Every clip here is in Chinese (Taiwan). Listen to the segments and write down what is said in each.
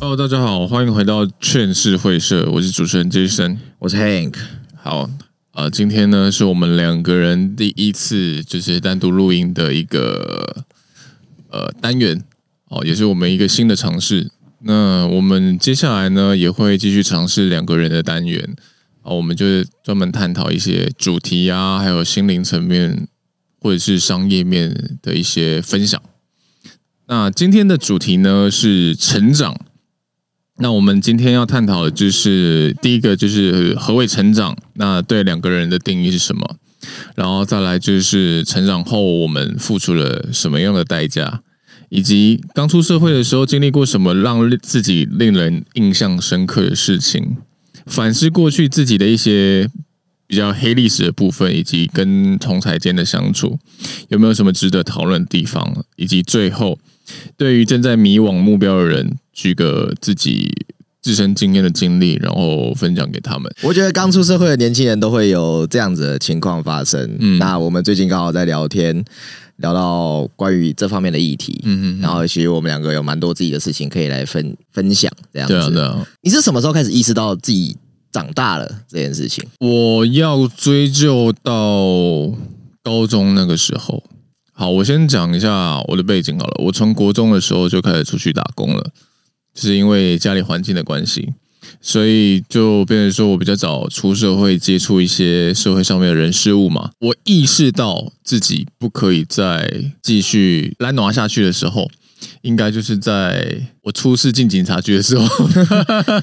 Hello，大家好，歡迎回到勸世會社，我是主持人 Jason，我是 Hank。好，呃，今天呢是我們兩個人第一次就是單獨錄音的一個呃單元哦，呃，也是我們一個新的嘗試。那我們接下來呢，也會繼續嘗試兩個人的單元啊，我們就是專門探討一些主題啊，還有心靈層面或者是商業面的一些分享。那今天的主題呢是成長。那我們今天要探討的就是第一個就是何謂成長？那對兩個人的定義是什麼？然後再來就是成長後我們付出了什麼樣的代價？以及剛出社會的時候經歷過什麼讓自己令人印象深刻的事情？反思過去自己的一些比較黑歷史的部分，以及跟同儕間的相處，有沒有什麼值得討論的地方？以及最後，對於正在迷惘目標的人，舉個自己自身經驗的經歷，然後分享給他們。我覺得剛出社會的年輕人都會有這樣子的情況發生。嗯，那我們最近剛好在聊天。聊到關於這方面的議題，嗯嗯，然後其實我們兩個有蠻多自己的事情可以來分分享這樣子。對啊，對啊。你是什麼時候開始意識到自己長大了這件事情？我要追究到高中那個時候。好，我先講一下我的背景好了。我從國中的時候就開始出去打工了，就是因為家裡環境的關係。所以就變成說我比較早出社會，接觸一些社會上面的人事物嘛。我意識到自己不可以再繼續拉垮下去的時候，應該就是在我初次進警察局的時候 。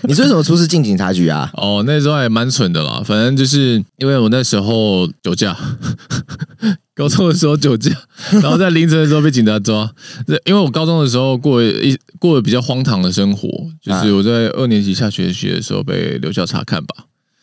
你說什麼初次進警察局啊？ 哦，那時候還蠻蠢的啦，反正就是因為我那時候酒駕。 高中的時候酒駕，然後在凌晨的時候被警察抓。 這因為我高中的時候過了一過了比較荒唐的生活，就是我在二年級下學期的時候被留校察看吧。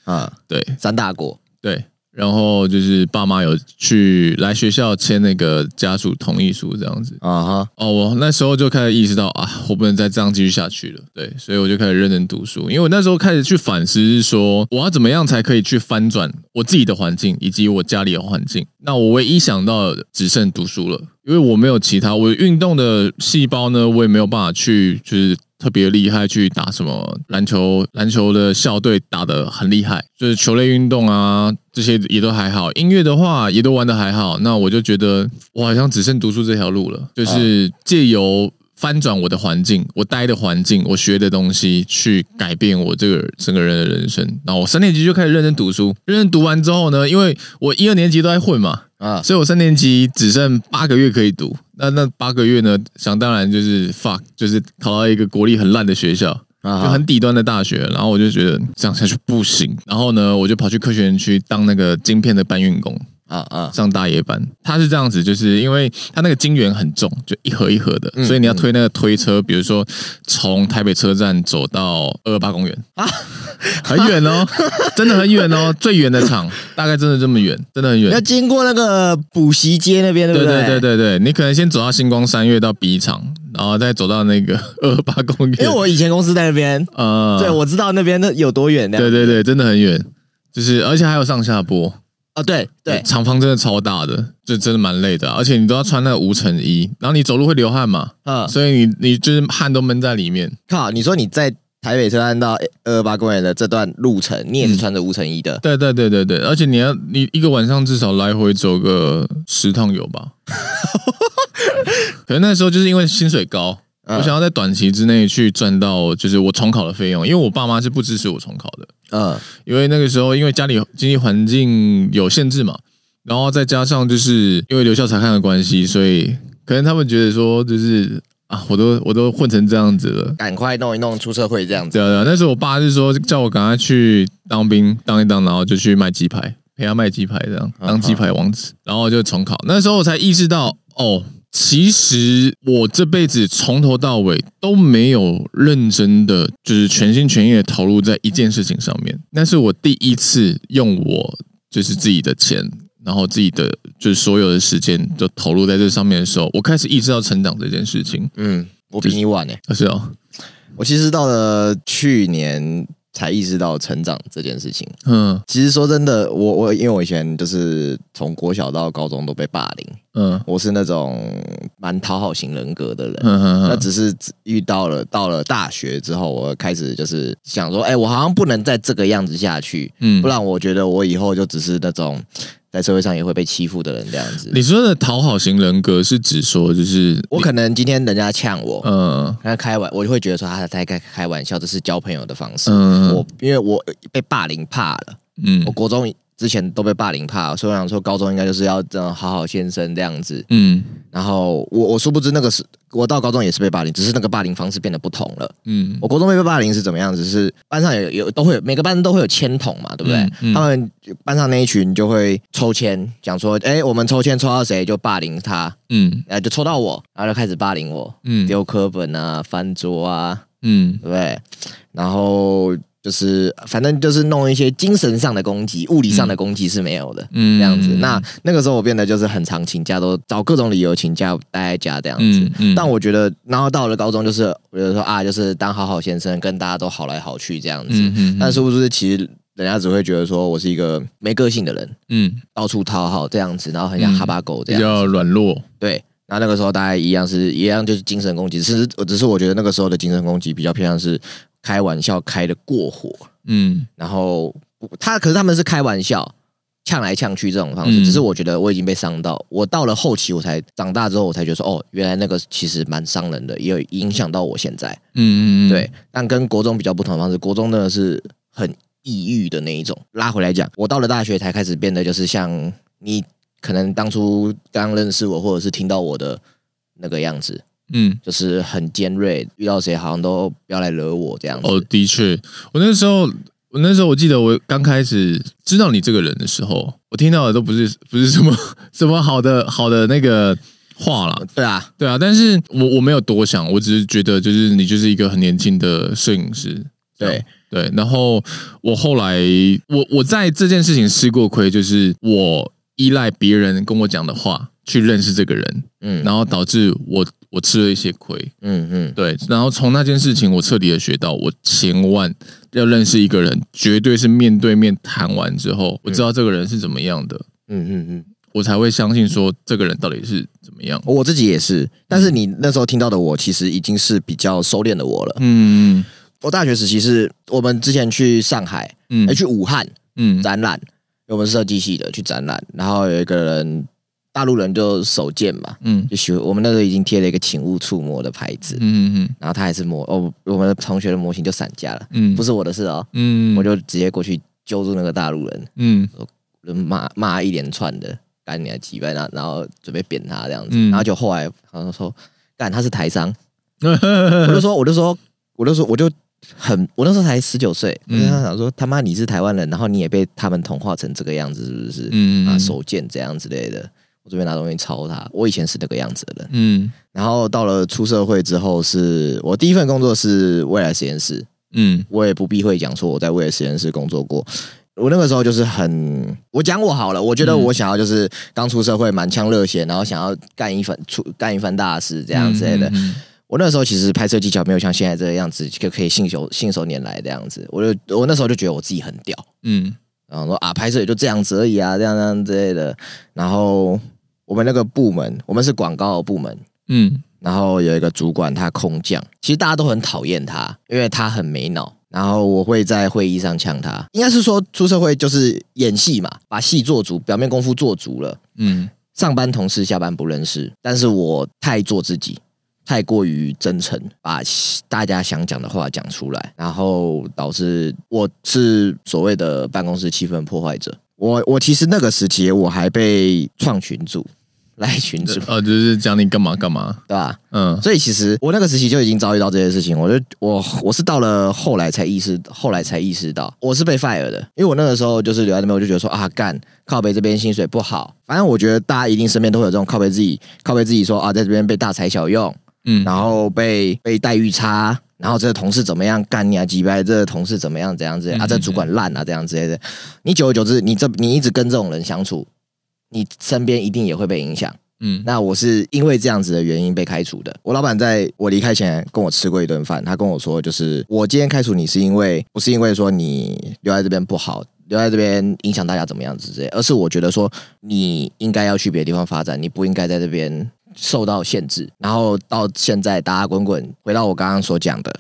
啊，對，三大過，對。然後就是爸媽有去來學校簽那個家屬同意書，這樣子啊哈。哦，我那時候就開始意識到啊，我不能再這樣繼續下去了。對，所以我就開始認真讀書。因為我那時候開始去反思，是說我要怎麼樣才可以去翻轉我自己的環境以及我家裡的環境。那我唯一想到只剩讀書了，因為我沒有其他，我運動的細胞呢，我也沒有辦法去就是。特別厲害，去打什麼籃球？籃球的校隊打得很厲害，就是球類運動啊，這些也都還好。音樂的話，也都玩得還好。那我就覺得，我好像只剩讀書這條路了，就是借由。翻轉我的環境，我待的環境，我學的東西，去改變我這個整個人的人生。然後我三年級就開始認真讀書，認真讀完之後呢，因為我一二年級都在混嘛，啊，所以我三年級只剩八個月可以讀。那那八個月呢，想當然就是 fuck，就是考到一個國立很爛的學校，啊，就很底端的大學。然後我就覺得這樣下去不行，然後呢，我就跑去科學園區當那個晶片的搬運工。啊啊！上大夜班，他是這樣子，就是因為他那個晶圓很重，就一盒一盒的、嗯，所以你要推那個推車。比如說從台北車站走到二二八公園啊， 很遠哦，真的很遠哦，最遠的廠大概真的這麼遠，真的很遠。要經過那個補習街那邊，對不對？對對對對對，你可能先走到新光三越到 B 廠，然後再走到那個二二八公園。因為我以前公司在那邊，嗯對我知道那邊那有多遠的。對對對，真的很遠，就是而且還有上下坡。啊、哦，對對，廠房真的超大的，就真的蠻累的、啊,而且你都要穿那個無塵衣、嗯，然後你走路會流汗嘛，嗯，所以你你就是汗都悶在裡面。靠，你說你在台北車站到二二八公園的這段路程，你也是穿着無塵衣的、嗯？對對對對對，而且你要你一個晚上至少來回走個十趟有吧？ 可能那時候就是因為薪水高、嗯，我想要在短期之內去賺到就是我重考的費用，因為我爸媽是不支持我重考的。嗯，因為那個時候，因為家裡經濟環境有限製嘛，然後再加上就是因為留校察看的關係，所以可能他們覺得說，就是啊，我都我都混成這樣子了，趕快弄一弄出社會這樣子。對對對，那時候我爸是說叫我趕快去當兵當一當，然後就去賣雞排，陪他賣雞排這樣，當雞排王子、嗯，然後就重考。那時候我才意識到，哦。其實我這輩子從頭到尾都沒有認真的，就是全心全意的投入在一件事情上面。那是我第一次用我就是自己的錢，然後自己的就是所有的時間都投入在這上面的時候，我開始意識到成長這件事情。嗯，我比你晚呢、欸。是哦，我其實到了去年。才意識到成長這件事情。嗯，其實說真的，我我因為我以前就是從國小到高中都被霸凌。嗯，我是那種蠻討好型人格的人。嗯嗯嗯，那只是遇到了到了大學之後，我開始就是想說，哎，我好像不能再這個樣子下去。嗯，不然我覺得我以後就只是那種。在社會上也會被欺負的人這樣子。你說的討好型人格是指說就是，我可能今天人家嗆我，嗯，他開玩，我就會覺得說他在開開玩笑，這是交朋友的方式。嗯，我，因為我被霸凌怕了，嗯，我國中。之前都被霸凌怕，所以我想說，高中應該就是要這樣好好先生這樣子。嗯，然後我我殊不知那個是，我到高中也是被霸凌，只是那個霸凌方式變得不同了。嗯，我國中被、被霸凌是怎麼樣，只是班上有有都會有，每個班都會有籤筒嘛，對不對、嗯嗯？他們班上那一群就會抽籤，講說，哎、欸，我們抽籤抽到誰就霸凌他。嗯，然後就抽到我，然後就開始霸凌我。嗯，丟課本啊，翻桌啊。嗯，對不對。然後。就是反正就是弄一些精神上的攻擊，物理上的攻擊是沒有的。嗯，這樣子。嗯嗯、那那個時候我變得就是很常請假，都找各種理由請假待在家這樣子嗯。嗯，但我覺得，然後到了高中，就是我覺得說啊，就是當好好先生，跟大家都好來好去這樣子。嗯，嗯，嗯但是，是不是其實人家只會覺得說我是一個沒個性的人？嗯，到處討好這樣子，然後很像哈巴狗這樣子。嗯、比較軟弱。對。那那個時候大概一樣是，是一樣就是精神攻擊，只是我只是我覺得那個時候的精神攻擊比較偏向是開玩笑開的過火，嗯，然後他可是他們是開玩笑，嗆來嗆去這種方式，嗯，只是我覺得我已經被傷到，我到了後期我才長大之後我才覺得說，哦，原來那個其實蠻傷人的，也有影響到我現在，嗯，對，但跟國中比較不同的方式，國中那個是很抑鬱的那一種，拉回來講，我到了大學才開始變得就是像你。可能當初剛認識我，或者是聽到我的那個樣子，嗯，就是很尖銳，遇到誰好像都不要來惹我這樣子。哦，的確，我那時候，我那時候，我記得我剛開始知道你這個人的時候，我聽到的都不是不是什麼什麼好的好的那個話了。對啊，對啊，但是我我沒有多想，我只是覺得就是你就是一個很年輕的攝影師，對對。然後我後來，我我在這件事情吃過虧，就是我。依賴別人跟我講的話去認識這個人，嗯，然後導致我我吃了一些虧，嗯嗯，對，然後從那件事情我徹底的學到，我千萬要認識一個人，嗯，絕對是面對面談完之後，嗯，我知道這個人是怎麼樣的，嗯嗯嗯，我才會相信說這個人到底是怎麼樣。我自己也是，但是你那時候聽到的我，其實已經是比較收斂的我了，嗯嗯，我大學時期是我們之前去上海，嗯，去武漢，嗯，展覽，嗯。我們是設計系的去展覽，然後有一個人大陸人就手賤嘛，嗯，就學我們那時候已經貼了一個請勿觸摸的牌子，嗯，然後他還是摸哦，我們的同學的模型就散架了，嗯，不是我的事哦，嗯，我就直接過去揪住那個大陸人，嗯，人罵罵一連串的，幹你娘雞掰，然後然後準備扁他這樣子，嗯，然後就後來好像說，幹他是台商， 我就說我就說我就說我就。很，我那時候才十九歲，我在想說，他媽你是台灣人，然後你也被他們同化成這個樣子，是不是？嗯，啊，手賤這樣之類的，我準備拿東西抄他。我以前是那個樣子的人，嗯。然後到了出社會之後是，是我第一份工作是未來實驗室，嗯，我也不避諱講說我在未來實驗室工作過。我那個時候就是很，我講我好了，我覺得我想要就是剛、嗯、出社會滿腔熱血，然後想要幹一番出幹一番大事這樣之類的。嗯嗯嗯我那時候其實拍攝技巧沒有像現在這個樣子，就可以信手信手拈來的樣子。我就我那時候就覺得我自己很屌，嗯，然後說，啊，拍攝也就這樣子而已啊，這樣這樣之類的。然後我們那個部門，我們是廣告部門，嗯，然後有一個主管，他空降，其實大家都很討厭他，因為他很沒腦。然後我會在會議上嗆他，應該是說出社會就是演戲嘛，把戲做足，表面功夫做足了，嗯。上班同事下班不認識，但是我太做自己。太過於真誠，把大家想講的話講出來，然後導致我是所謂的辦公室氣氛破壞者。我我其實那個時期我還被創群主來群主，呃、哦，就是講你幹嘛幹嘛，對吧、啊？嗯，所以其實我那個時期就已經遭遇到這些事情。我就我我是到了後來才意識，後來才意識到我是被 fire 的，因為我那個時候就是留在那邊，我就覺得說啊，幹靠北這邊薪水不好，反正我覺得大家一定身邊都會有這種靠北自己靠北自己說啊，在這邊被大材小用。嗯，然後被被，待遇差，然後這個同事怎麼樣幹你啊，擊敗這個同事怎麼樣？怎樣子、嗯、啊，這個、主管爛啊，這樣之類的。你久而久之，你這你一直跟這種人相處，你身邊一定也會被影響。嗯，那我是因為這樣子的原因被開除的。我老板在我離開前跟我吃過一頓飯，他跟我說，就是我今天開除你是因為不是因為說你留在這邊不好，留在這邊影響大家怎麼樣子之類的，而是我覺得說你應該要去別的地方發展，你不應該在這邊受到限制，然後到現在，打打滾滾，回到我剛剛所講的，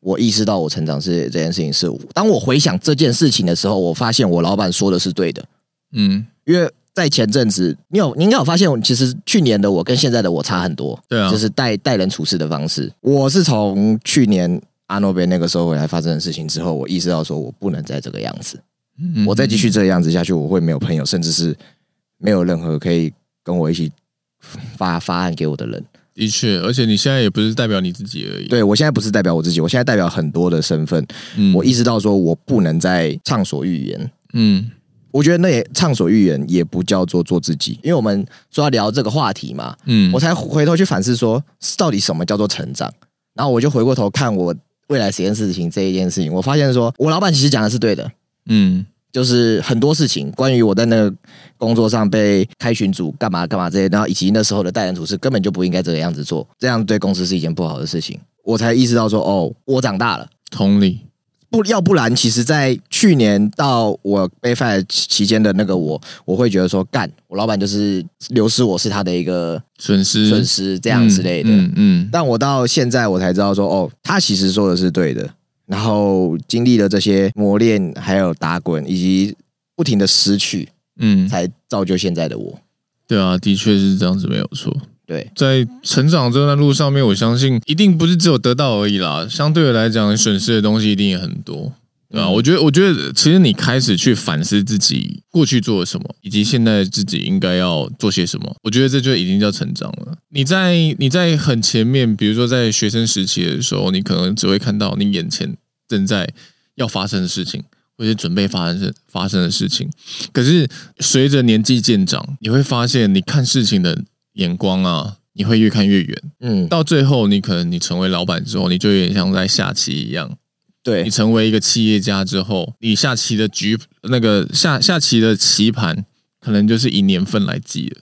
我意識到我成長是這件事情是，當我回想這件事情的時候，我發現我老板說的是對的，嗯，因為在前陣子，你有，你應該有發現，其實去年的我跟現在的我差很多，對啊，就是待待人處事的方式，我是從去年阿諾貝那個時候回來發生的事情之後，我意識到說我不能再這個樣子，嗯，我再繼續這個樣子下去，我會沒有朋友，甚至是沒有任何可以跟我一起。發發案給我的人，的確，而且你現在也不是代表你自己而已。對，我現在不是代表我自己，我現在代表很多的身份。嗯。我意識到說我不能再暢所欲言。嗯，我覺得那也暢所欲言也不叫做做自己，因為我們說要聊這個話題嘛。嗯，我才回頭去反思說，到底什麼叫做成長？然後我就回過頭看我未來實驗事情這一件事情，我發現說我老板其實講的是對的。嗯。就是很多事情，關於我在那個工作上被開群組幹嘛幹嘛這些，然後以及那時候的待人處事，根本就不應該這個樣子做，這樣對公司是一件不好的事情。我才意識到說，哦，我長大了。同理，不要不然，其實在去年到我被 fire 的期間的那個我，我會覺得說，幹我老板就是流失，我是他的一個損失損失、損失這樣之類的。嗯嗯、嗯。但我到現在我才知道說，哦，他其實說的是對的。然後經歷了這些磨練，還有打滾，以及不停的失去，嗯，才造就現在的我，嗯。對啊，的確是這樣子，沒有錯。對，在成長這段路上面，我相信一定不是只有得到而已啦。相對的來講，損失的東西一定也很多。對啊，我覺得，我覺得，其實你開始去反思自己過去做了什麼，以及現在自己應該要做些什麼，我覺得這就已經叫成長了。你在你在很前面，比如說在學生時期的時候，你可能只會看到你眼前正在要發生的事情，或者準備發生發生的事情。可是隨着年紀漸長，你會發現你看事情的眼光啊，你會越看越遠。嗯，到最後，你可能你成為老闆之後，你就有點像在下棋一樣。對，你成為一個企業家之後，你下棋的局，那個下下棋的棋盤可能就是以年份來記了，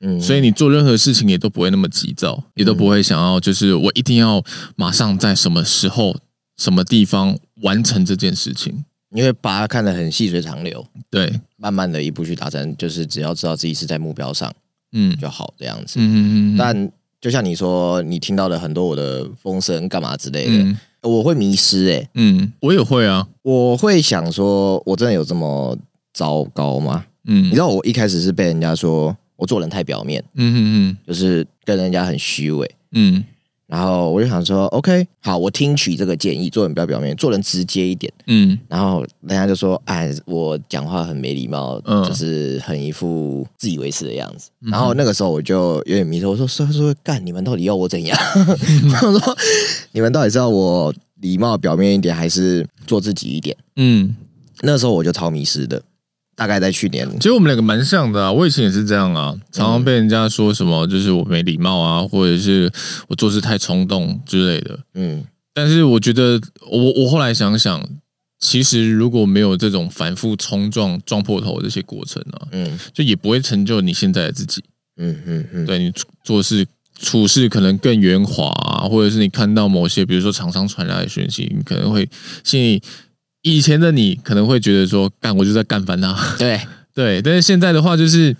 嗯，所以你做任何事情也都不會那麼急躁，你、嗯、都不會想要就是我一定要馬上在什麼時候、什麼地方完成這件事情，你會把它看得很細水長流，對，慢慢的一步去達成，就是只要知道自己是在目標上，嗯，就好這樣子，嗯嗯，但就像你說，你聽到了很多我的風聲幹嘛之類的。嗯我會迷失，哎、欸，嗯，我也會啊，我會想說，我真的有這麼糟糕嗎？嗯，你知道我一開始是被人家說我做人太表面，嗯嗯嗯，就是跟人家很虛偽，嗯。然後我就想說，OK，好，我聽取這個建議，做人不要表面，做人直接一點，嗯。然後人家就說，哎，我講話很沒禮貌，嗯，就是很一副自以為是的樣子，嗯。然後那個時候我就有點迷失，我說，說說，說幹，你們到底要我怎樣？他說，你們到底是要我禮貌表面一點，還是做自己一點？嗯，那時候我就超迷失的。大概在去年，其實我們兩個蠻像的啊。我以前也是這樣啊，常常被人家說什麼，就是我沒禮貌啊，或者是我做事太衝動之類的。嗯，但是我覺得，我我後來想想，其實如果沒有這種反覆衝撞、撞破頭的這些過程啊，嗯，就也不會成就你現在的自己。嗯嗯嗯，對你做事處事可能更圓滑啊，或者是你看到某些，比如說廠商傳來的訊息，你可能會心裡。以前的你可能會覺得說幹我就在幹翻他、啊，對對，但是現在的話就是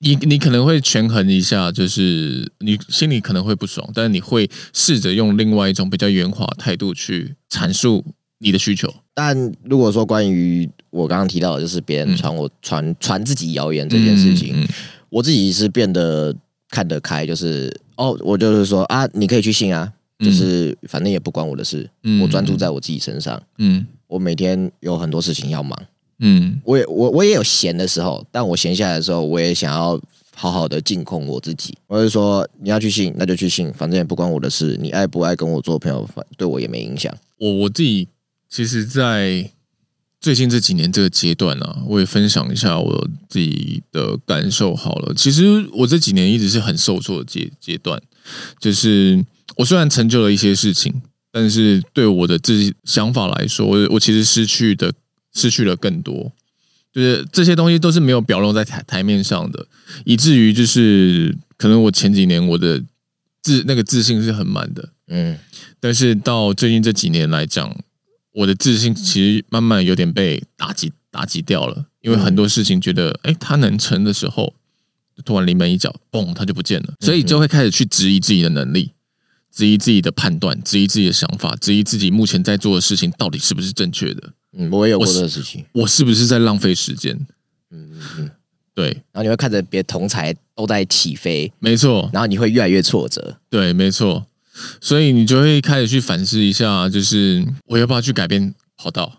你你可能會權衡一下，就是你心裡可能會不爽，但是你會試着用另外一種比較圓滑態度去闡述你的需求。但如果說關於我剛剛提到的就是別人傳我傳傳、嗯、自己謠言這件事情、嗯嗯嗯，我自己是變得看得開，就是哦，我就是說啊，你可以去信啊，就是、嗯、反正也不關我的事，嗯、我專注在我自己身上，嗯。嗯我每天有很多事情要忙嗯，嗯，我也我我也有閒的時候，但我閒下來的時候，我也想要好好的淨空我自己。我就說，你要去信，那就去信，反正也不關我的事。你愛不愛跟我做朋友，對我也沒影響。我我自己其實，在最近這幾年這個階段呢、啊，我也分享一下我自己的感受好了。其實我這幾年一直是很受挫的階階段，就是我雖然成就了一些事情。但是對我的自己想法來說，我我其實失去的失去了更多，就是這些東西都是沒有表露在台台面上的，以至於就是可能我前幾年我的自那個自信是很滿的，嗯，但是到最近這幾年來講，我的自信其實慢慢有點被打擊打擊掉了，因為很多事情覺得，嗯，誒，他能成的時候，突然臨門一腳，嘣，他就不見了，所以就會開始去質疑自己的能力。嗯質疑自己的判斷，質疑自己的想法，質疑自己目前在做的事情到底是不是正確的。嗯，我也有過這事情我，我是不是在浪費時間？嗯嗯嗯，對。然後你會看着別的同儕都在起飛，沒錯。然後你會越來越挫折，對，沒錯。所以你就會開始去反思一下，就是我要不要去改變跑道，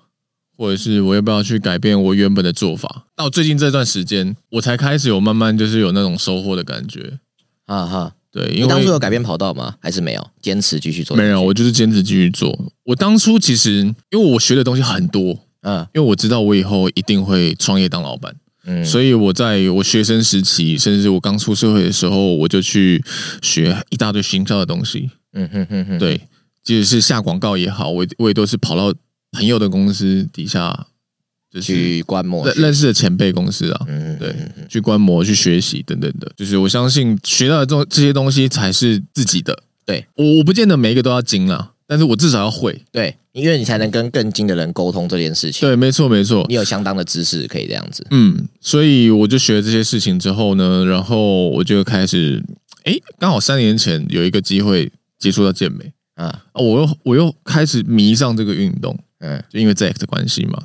或者是我要不要去改變我原本的做法？到最近這段時間，我才開始有慢慢就是有那種收穫的感覺。哈、啊、哈。啊對，因為當初有改變跑道嗎？還是沒有堅持繼續做？沒有，我就是堅持繼續做。我當初其實因為我學的東西很多，嗯，因為我知道我以後一定會創業當老板，嗯，所以我在我學生時期，甚至我剛出社會的時候，我就去學一大堆行銷的東西，嗯哼哼哼。對，即使是下廣告也好，我我也都是跑到朋友的公司底下。去觀摩、認識的前輩公司啊，嗯，對，去觀摩、去學習等等的，就是我相信學到的這這些東西才是自己的。對我，我不見得每一個都要精啊，但是我至少要會，對，因為你才能跟更精的人溝通這件事情。對，沒錯沒錯，你有相當的知識可以這樣子。嗯，所以我就學了這些事情之後呢，然後我就開始，哎、欸，剛好三年前有一個機會接觸到健美啊，我又我又開始迷上這個運動，嗯，就因為 Jack 的關係嘛。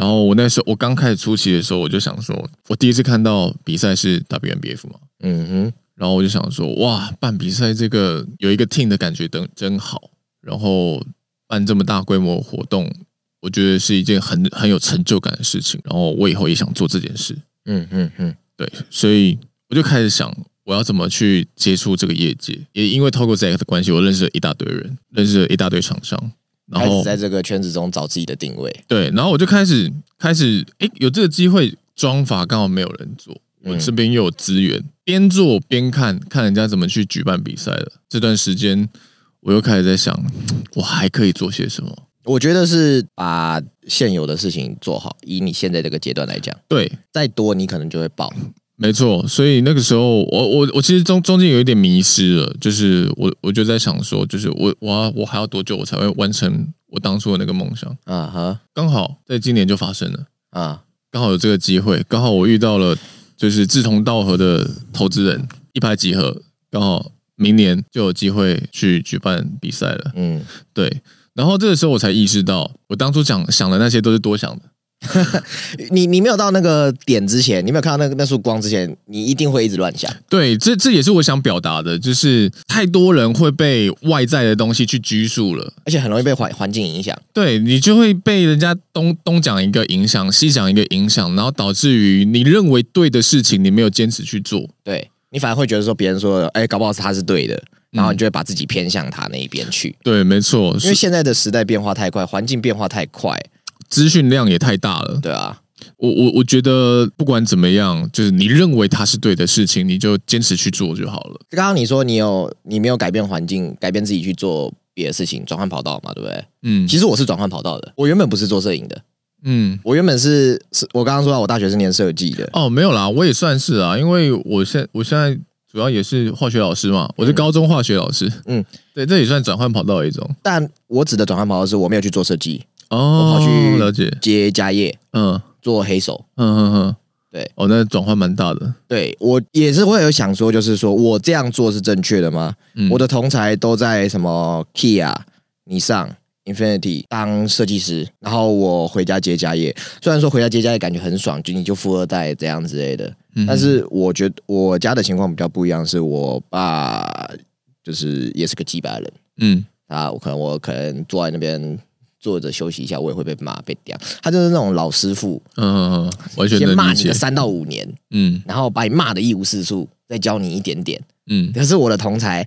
然後我那時候我剛開始出席的時候，我就想說，我第一次看到比賽是 WNBF 嘛，嗯哼，然後我就想說，哇，辦比賽這個有一個 team 的感覺，等真好。然後辦這麼大規模的活動，我覺得是一件很很有成就感的事情。然後我以後也想做這件事，嗯嗯嗯，對，所以我就開始想，我要怎麼去接觸這個業界？也因為透過 Zack 的關係，我認識了一大堆人，認識了一大堆廠商。然後開始在這個圈子中找自己的定位，對，然後我就開始開始，誒、欸，有這個機會裝法剛好沒有人做，我這邊又有資源，邊、嗯、做邊看看人家怎麼去舉辦比賽的。這段時間，我又開始在想，我還可以做些什麼？我覺得是把現有的事情做好。以你現在這個階段來講，對，再多你可能就會爆。沒錯，所以那個時候我我我其實中中間有一點迷失了，就是我我就在想說，就是我我、啊、我還要多久我才會完成我當初的那個夢想啊哈！Uh-huh. 剛好在今年就發生了啊，uh-huh. 剛好有這個機會，剛好我遇到了就是志同道合的投資人，一拍即合，剛好明年就有機會去舉辦比賽了。嗯、uh-huh.，對，然後這個時候我才意識到，我當初想，想的那些都是多想的。 你你沒有到那個點之前，你沒有看到那個那束光之前，你一定會一直亂想。對，這這也是我想表達的，就是太多人會被外在的東西去拘束了，而且很容易被環環境影響。對，你就會被人家東東講一個影響，西講一個影響，然後導致於你認為對的事情，你沒有堅持去做。對，你反而會覺得說別人說，誒、欸，搞不好他是對的，然後你就會把自己偏向他那一邊去。嗯，對，沒錯，因為現在的時代變化太快，環境變化太快。資訊量也太大了，對啊，我，我我我覺得不管怎麼樣，就是你認為它是對的事情，你就堅持去做就好了。剛剛你說你有你沒有改變環境，改變自己去做別的事情，轉換跑道嘛，對不對？嗯，其實我是轉換跑道的，我原本不是做攝影的，嗯，我原本是是我剛剛說到我大學是念設計的，哦，沒有啦，我也算是啊，因為我現我現在。主要也是化學老師嘛，我是高中化學老師。嗯，嗯對，這也算轉換跑道一種。但我指的轉換跑道是，我沒有去做設計哦，我跑去了解接家業，嗯，做黑手，嗯嗯嗯，嗯，對。哦，那轉換蠻大的。對，我也是會有想說，就是說我這樣做是正確的嗎？嗯，我的同儕都在什麼 Kia Nissan, Infinity 當設計師，然後我回家接家業。雖然說回家接家業感覺很爽，就你就富二代這樣之類的。嗯、但是我覺得我家的情況比較不一樣，是我爸就是也是個幾百人，嗯，他我可能我可能坐在那邊坐着休息一下，我也會被罵被屌。他就是那種老師傅，嗯，先罵你個三到五年，嗯，然後把你罵的一無是處，再教你一點點，嗯。可是我的同儕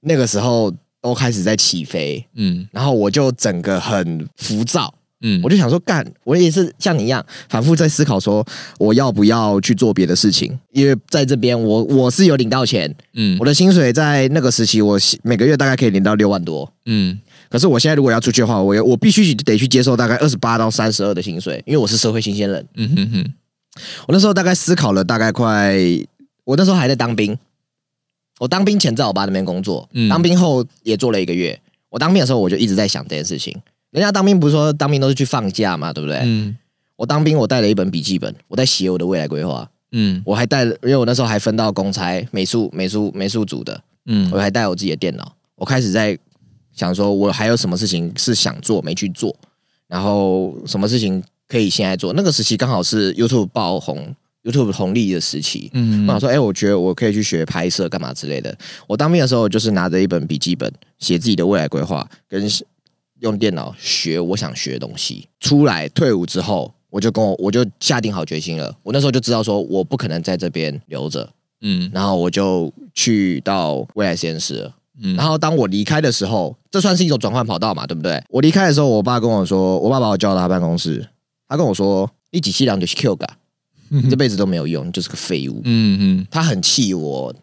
那個時候都開始在起飛，嗯，然後我就整個很浮躁。嗯，我就想說，幹，我也是像你一樣反覆在思考，說我要不要去做別的事情？因為在這邊，我我是有領到錢，嗯，我的薪水在那個時期，我每個月大概可以領到六萬多，嗯，可是我現在如果要出去的話，我我必須得去接受大概二十八到三十二的薪水，因為我是社會新鮮人，嗯哼哼，我那時候大概思考了大概快，我那時候還在當兵，我當兵前在我爸那邊工作，嗯，當兵後也做了一個月，我當兵的時候我就一直在想這件事情。人家當兵不是說當兵都是去放假嘛，對不對？嗯，我當兵，我帶了一本筆記本，我在寫我的未來規劃。嗯，我還帶了，因為我那時候還分到公差、美術、美術、美術組的。嗯，我還帶我自己的電腦，我開始在想說，我還有什麼事情是想做沒去做，然後什麼事情可以現在做。那個時期剛好是 YouTube 爆紅、YouTube 紅利的時期。嗯，嗯，嗯，我想說，誒、欸、我覺得我可以去學拍攝，幹嘛之類的。我當兵的時候，就是拿着一本筆記本寫自己的未來規劃跟。用電腦學我想學的東西。出來退伍之後，我就跟我，我就下定好決心了。我那時候就知道說，我不可能在這邊留着，嗯。然後我就去到未來實驗室了。嗯。然後當我離開的時候，這算是一種轉換跑道嘛，對不對？我離開的時候，我爸跟我說，我爸把我叫到他辦公室，他跟我說：“你幾期量就是 Q 嘎，啊，你這輩子都沒有用，你就是個廢物。”嗯嗯。他很氣我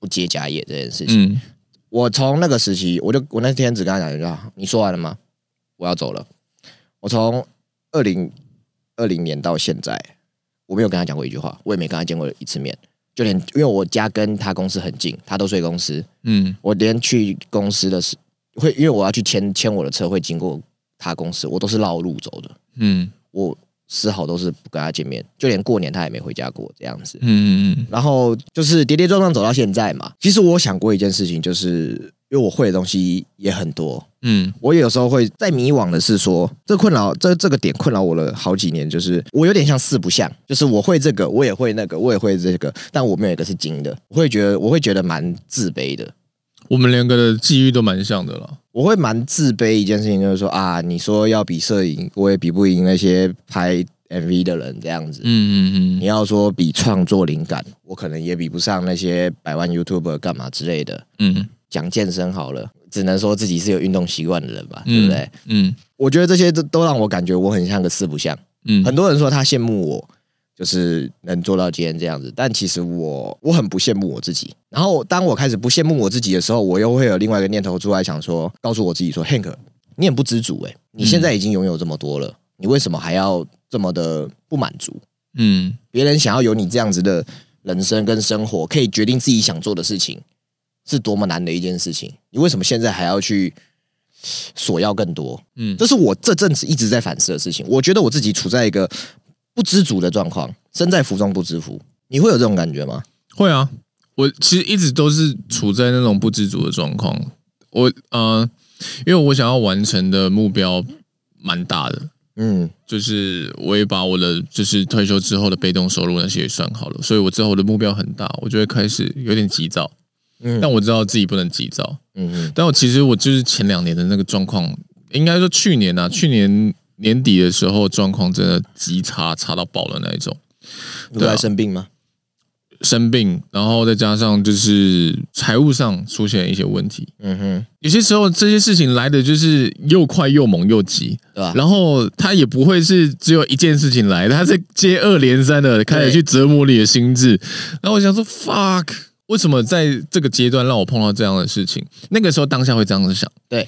不接家業這件事情。嗯我從那個時期，我就我那天只跟他講一句話：“你說完了嗎？”我要走了。我從二零二零年到現在，我沒有跟他講過一句話，我也沒跟他見過一次面，就連因為我家跟他公司很近，他都睡公司，嗯，我連去公司的時會，因為我要去牽牽我的車，會經過他公司，我都是繞路走的，嗯，我。絲毫都是不跟他見面，就連過年他也沒回家過這樣子。嗯嗯嗯。然後就是跌跌撞撞走到現在嘛。其實我想過一件事情，就是因為我會的東西也很多。嗯，我有時候會在迷惘的是說，這困擾這這個點困擾我了好幾年，就是我有點像四不像，就是我會這個，我也會那個，我也會這個，但我沒有一個是精的。我會覺得，我會覺得蠻自卑的。我們兩個的際遇都蠻像的了。我會蠻自卑一件事情，就是說啊，你說要比攝影，我也比不贏那些拍 MV 的人這樣子。嗯嗯嗯。你要說比創作靈感，我可能也比不上那些百萬 YouTuber 幹嘛之類的。嗯。講健身好了，只能說自己是有運動習慣的人吧，嗯、對不對？嗯。我覺得這些都都讓我感覺我很像個四不像。嗯。很多人說他羨慕我。就是能做到今天這樣子，但其實我我很不羨慕我自己。然後當我開始不羨慕我自己的時候，我又會有另外一個念頭出來，想說告訴我自己說 ，Hank，你很不知足哎、欸，你現在已經擁有這麼多了，你為什麼還要這麼的不滿足？嗯，別人想要有你這樣子的人生跟生活，可以決定自己想做的事情，是多麼難的一件事情。你為什麼現在還要去索要更多？嗯，這是我這陣子一直在反思的事情。我覺得我自己處在一個。不知足的狀況，身在福中不知福，你會有這種感覺嗎？會啊，我其實一直都是處在那種不知足的狀況。我嗯、呃，因為我想要完成的目標蠻大的，嗯，就是我也把我的就是退休之後的被動收入那些也算好了，所以我之後的目標很大，我就會開始有點急躁，嗯，但我知道自己不能急躁，嗯嗯，但我其實我就是前兩年的那個狀況，應該說去年呢、啊，去年。年底的時候，狀況真的極差，差到爆了那一種。都在、啊、生病嗎？生病，然後再加上就是財務上出現一些問題。嗯哼，有些時候這些事情來的就是又快又猛又急，對吧、啊？然後他也不會是只有一件事情來，他是接二連三的開始去折磨你的心智。然後我想說，fuck，為什麼在這個階段讓我碰到這樣的事情？那個時候當下會這樣子想，對。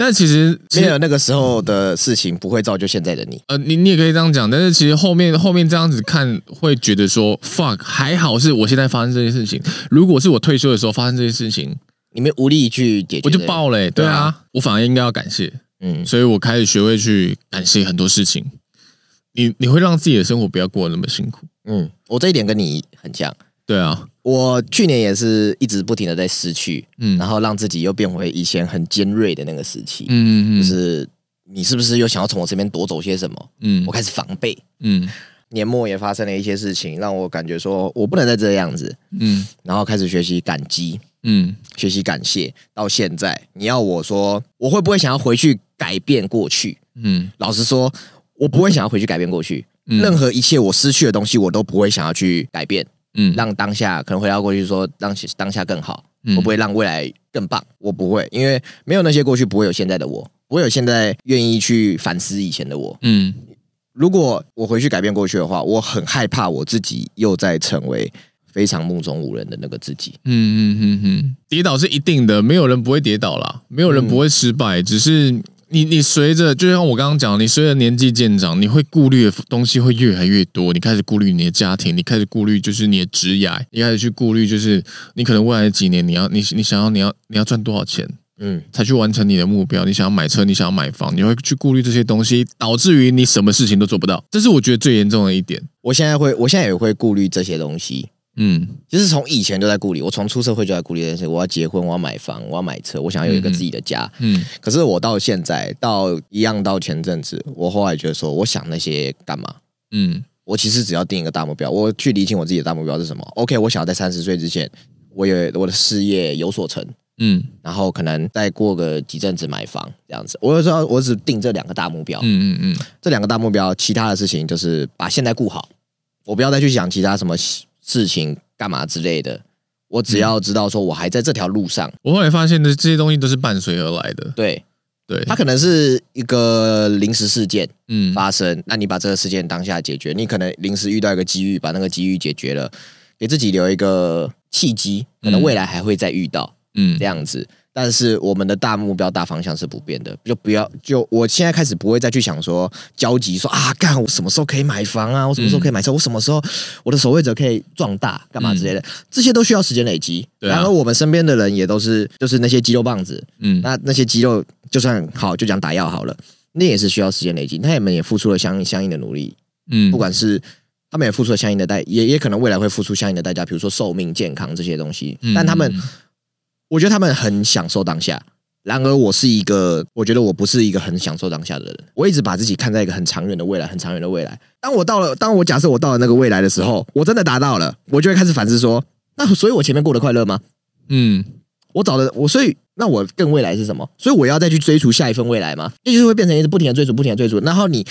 但其實，其實沒有那個時候的事情，不會造就現在的你。呃，你你也可以這樣講，但是其實後面後面這樣子看，會覺得說，fuck，還好是我現在發生這些事情。如果是我退休的時候發生這些事情，你們無力去解決，我就爆了欸，對啊。對啊，我反而應該要感謝。嗯，所以我開始學會去感謝很多事情。你你會讓自己的生活不要過得那麼辛苦。嗯，我這一點跟你很像。對啊。我去年也是一直不停的在失去，嗯，然後讓自己又變回以前很尖銳的那個時期，嗯嗯嗯，就是你是不是又想要從我身邊奪走些什麼？嗯，我開始防備，嗯，年末也發生了一些事情，讓我感覺說我不能再這樣子，嗯，然後開始學習感激，嗯，學習感謝。到現在，你要我說我會不會想要回去改變過去？嗯，老實說，我不會想要回去改變過去，嗯，任何一切我失去的東西，我都不會想要去改變。嗯，讓當下可能回到過去說，讓其實當下更好，嗯。我不會讓未來更棒，我不會，因為沒有那些過去，不會有現在的我，不會有現在願意去反思以前的我。嗯，如果我回去改變過去的話，我很害怕我自己又再成為非常目中無人的那個自己。嗯嗯嗯嗯，跌倒是一定的，沒有人不會跌倒啦，沒有人不會失敗，嗯、只是。你你隨着，就像我剛剛講，你隨着年紀漸長，你會顧慮的東西會越來越多。你開始顧慮你的家庭，你開始顧慮就是你的職業，你開始去顧慮就是你可能未來的幾年，你要你你想要你要你要賺多少錢，嗯，才去完成你的目標。你想要買車，你想要買房，你會去顧慮這些東西，導致於你什麼事情都做不到。這是我覺得最嚴重的一點。我現在會，我現在也會顧慮這些東西。嗯，其實從以前就在顧慮，我從出社會就在顧慮這件事，我要結婚，我要買房，我要買車，我想要有一個自己的家。嗯，嗯，可是我到現在到一樣到前陣子，我後來覺得說，我想那些幹嘛？嗯，我其實只要定一個大目標，我去釐清我自己的大目標是什麼。OK，我想要在三十歲之前，我也我的事業有所成。嗯，然後可能再過個幾陣子買房這樣子。我就說，我只定這兩個大目標。嗯嗯嗯，這兩個大目標，其他的事情就是把現在顧好，我不要再去想其他什麼。事情幹嘛之類的，我只要知道說我還在這條路上，嗯，我後來發現這些東西都是伴隨而來的。對，對它可能是一個臨時事件，嗯，發生，那你把這個事件當下解決，你可能臨時遇到一個機遇，把那個機遇解決了，給自己留一個契機，可能未來還會再遇到，嗯，這樣子。但是我們的大目標、大方向是不變的，就不要就我現在開始不會再去想說焦急說啊，幹我什麼時候可以買房啊？我什麼時候可以買車？嗯、我什麼時候我的守衛者可以壯大？幹嘛之類的、嗯？這些都需要時間累積、嗯。然後我們身邊的人也都是就是那些肌肉棒子，嗯，那那些肌肉就算好就講打藥好了，那也是需要時間累積。那他們也付出了相應相應的努力，嗯，不管是他們也付出了相應的代，也也可能未來會付出相應的代價，比如說壽命、健康這些東西，嗯、但他們。我覺得他們很享受當下，然而我是一個，我覺得我不是一個很享受當下的人。我一直把自己看在一個很長遠的未來，很長遠的未來。當我到了，當我假設我到了那個未來的時候，我真的達到了，我就會開始反思說：那所以我前面過得快樂嗎？嗯，我找的，我，所以那我更未來是什麼？所以我要再去追逐下一份未來嗎？這就是會變成一直不停的追逐，不停的追逐。然後你，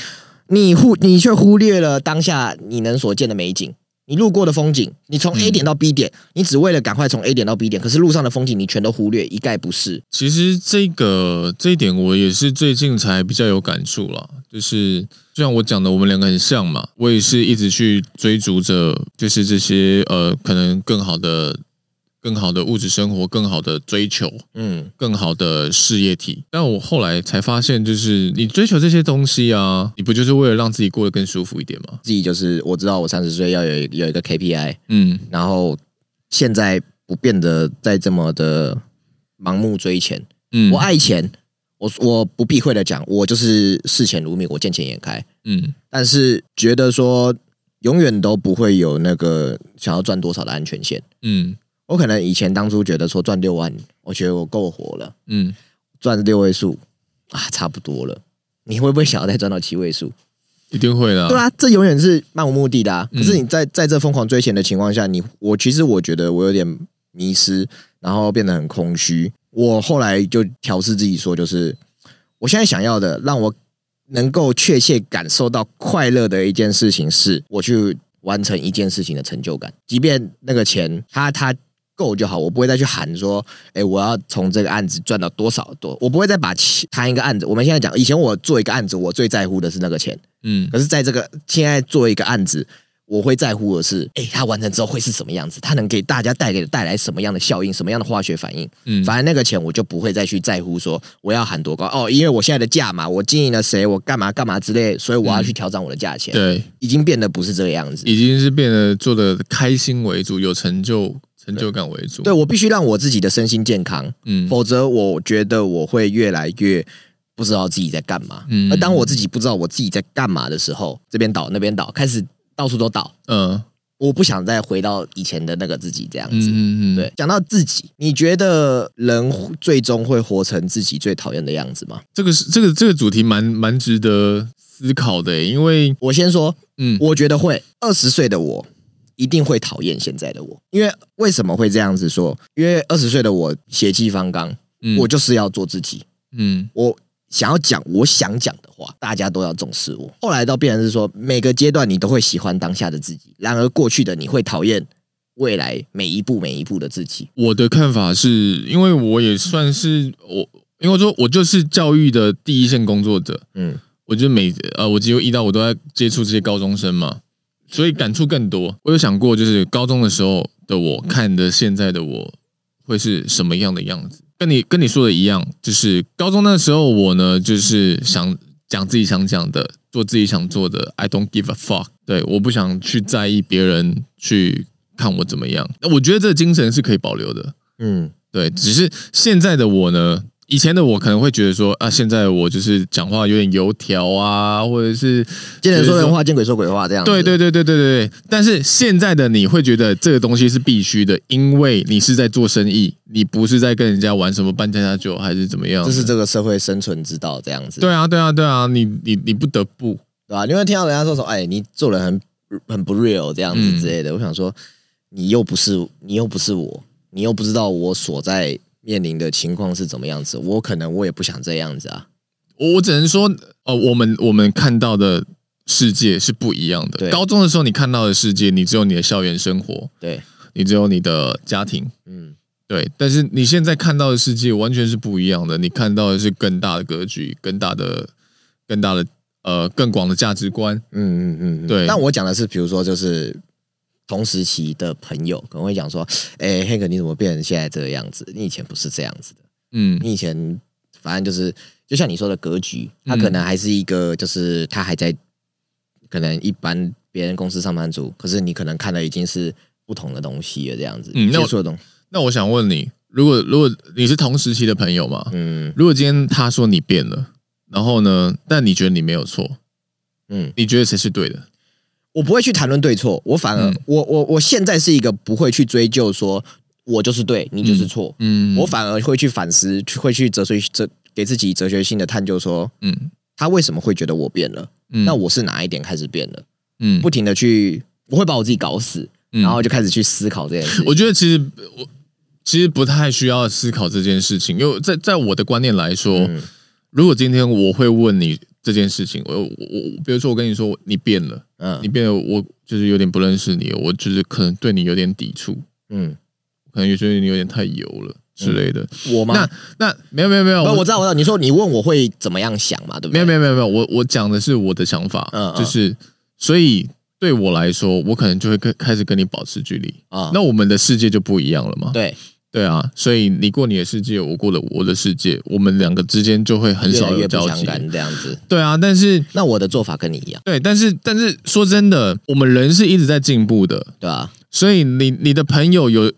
你忽你卻忽略了當下你能所見的美景。你路過的風景，你從 A 點到 B 點，嗯，你只為了趕快從 A 點到 B 點，可是路上的風景你全都忽略，一概不是。其實這個這一點我也是最近才比較有感觸啦，就是就像我講的，我們兩個很像嘛，我也是一直去追逐着，就是這些呃可能更好的。更好的物質生活，更好的追求，嗯，更好的事業體。但我後來才發現，就是你追求這些東西啊，你不就是為了讓自己過得更舒服一點嗎？自己就是我知道，我三十歲要有有一個 KPI，嗯，然後現在不變得再這麼的盲目追錢，嗯，我愛錢，我我不避諱的講，我就是視錢如命，我見錢眼開，嗯，但是覺得說永遠都不會有那個想要賺多少的安全線，嗯。我可能以前當初覺得說賺六萬，我覺得我夠活了，嗯，賺六位數啊，差不多了。你會不會想要再賺到七位數？一定會的。對啊，這永遠是漫無目的的啊。可是你在在這瘋狂追錢的情況下，你我其實我覺得我有點迷失，然後變得很空虛。我後來就調適自己說，就是我現在想要的，讓我能夠確切感受到快樂的一件事情是，是我去完成一件事情的成就感，即便那個錢，他他。夠就好，我不會再去喊說，哎、欸，我要從這個案子賺到多少多，我不會再把錢談一個案子。我們現在講，以前我做一個案子，我最在乎的是那個錢，嗯，可是在這個現在做一個案子，我會在乎的是，哎、欸，它完成之後會是什麼樣子，它能給大家帶給帶來什麼樣的效應，什麼樣的化學反應，嗯，反正那個錢我就不會再去在乎說我要喊多高哦，因為我現在的價碼，我經營了誰，我幹嘛幹嘛之類，所以我要去調整我的價錢，嗯，對，已經變得不是這個樣子，已經是變得做的開心為主，有成就。成就感為主，對，我必須讓我自己的身心健康，嗯，否則我覺得我會越來越不知道自己在幹嘛。嗯，而當我自己不知道我自己在幹嘛的時候，這邊倒那邊倒，開始到處都倒。嗯，我不想再回到以前的那個自己這樣子。嗯嗯嗯，對，講到自己，你覺得人最終會活成自己最討厭的樣子嗎？這個是這個這個主題蠻蠻值得思考的欸，因為我先說，嗯，我覺得會，二十歲的我。一定會討厭現在的我，因為為什麼會這樣子說？因為二十歲的我血氣方剛、嗯，我就是要做自己，嗯，我想要講我想講的話，大家都要重視我。後來到變成是說，每個階段你都會喜歡當下的自己，然而過去的你會討厭未來每一步每一步的自己。我的看法是因為我也算是我，因為我說我就是教育的第一線工作者，嗯，我就每呃，我幾乎一到五都在接觸這些高中生嘛。所以感觸更多。我有想過，就是高中的時候的我，看的現在的我會是什麼樣的樣子？跟你跟你說的一樣，就是高中那時候我呢，就是想講自己想講的，做自己想做的。I don't give a fuck。對，我不想去在意別人去看我怎麼樣。那我覺得這個精神是可以保留的。嗯，對。只是現在的我呢？以前的我可能會覺得說啊，現在我就是講話有點油條啊，或者是，是見人說人話，見鬼說鬼話這樣。對對對對對對對。但是現在的你會覺得這個東西是必須的，因為你是在做生意，你不是在跟人家玩什麼扮家家酒，還是怎麼樣。這是這個社會生存之道，這樣子。對啊對啊對啊，你你你不得不對吧、啊？因為聽到人家說什麼，哎，你做人很很不 real 這樣子之類的，嗯、我想說，你又不是你又不是我，你又不知道我所在面臨的情況是怎麼樣子？我可能我也不想這樣子啊，我我只能說，呃，我們我們看到的世界是不一樣的。高中的時候你看到的世界，你只有你的校園生活，對，你只有你的家庭，嗯，對。但是你現在看到的世界完全是不一樣的，你看到的是更大的格局，更大的更大的呃更廣的價值觀，嗯嗯嗯，對。那我講的是，比如說就是。同時期的朋友可能會講說：“哎、欸，黑哥，你怎麼變成現在這個樣子？你以前不是這樣子的，嗯，你以前反正就是，就像你說的格局，他可能還是一個，就是、嗯、他還在可能一般別人公司上班族，可是你可能看的已經是不同的東西了，這樣子。嗯，錯的。那我想問你，如果如果你是同時期的朋友嘛，嗯，如果今天他說你變了，然後呢，但你覺得你沒有錯，嗯，你覺得誰是對的？”我不會去談論對錯，我反而、嗯、我我我現在是一個不會去追究說，說我就是對，你就是錯、嗯。嗯，我反而會去反思，會去哲學哲給自己哲學性的探究，說，嗯，他為什麼會覺得我變了？嗯，那我是哪一點開始變了？嗯，不停的去，我會把我自己搞死，然後就開始去思考這件事。我覺得其實我其實不太需要思考這件事情，因為在在我的觀念來說、嗯，如果今天我會問你。這件事情，我我，我比如說，我跟你說，你變了，嗯，你變了，我就是有點不認識你，我就是可能對你有點抵觸，嗯，可能覺得你有點太油了、嗯、之類的。我嗎？那那沒有沒有沒有，我，我知道我知道，你說你問我會怎麼樣想嘛？對，不對，沒有沒有沒有，我我講的是我的想法，嗯、就是所以對我來說，我可能就會開開始跟你保持距離啊、嗯，那我們的世界就不一樣了嘛？對。對啊，所以你過你的世界，我過了我的世界，我們兩個之間就會很少有交集，越來越這樣子。對啊，但是那我的做法跟你一樣，對，但是但是說真的，我們人是一直在進步的，對啊。所以你你的朋友有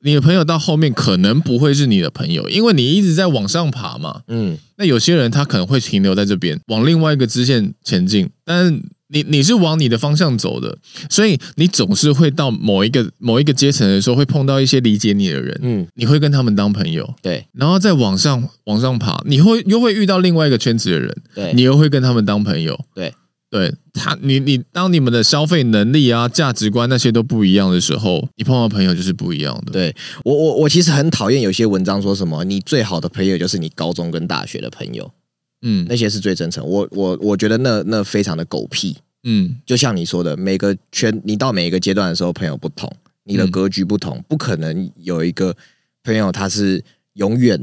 你的朋友到後面可能不會是你的朋友，因為你一直在往上爬嘛。嗯，那有些人他可能會停留在這邊，往另外一個支線前進，但是。你你是往你的方向走的，所以你總是會到某一個某一個階層的時候，會碰到一些理解你的人，嗯，你會跟他們當朋友，對。然後再往上往上爬，你會又會遇到另外一個圈子的人，對，你又會跟他們當朋友，對。對他，你你當你們的消費能力啊、價值觀那些都不一樣的時候，你碰到朋友就是不一樣的。對我我我其實很討厭有些文章說什麼，你最好的朋友就是你高中跟大學的朋友。嗯，那些是最真誠。我我我覺得那那非常的狗屁。嗯，就像你說的，每個圈，你到每一個階段的時候，朋友不同，你的格局不同，嗯，不可能有一個朋友他是永遠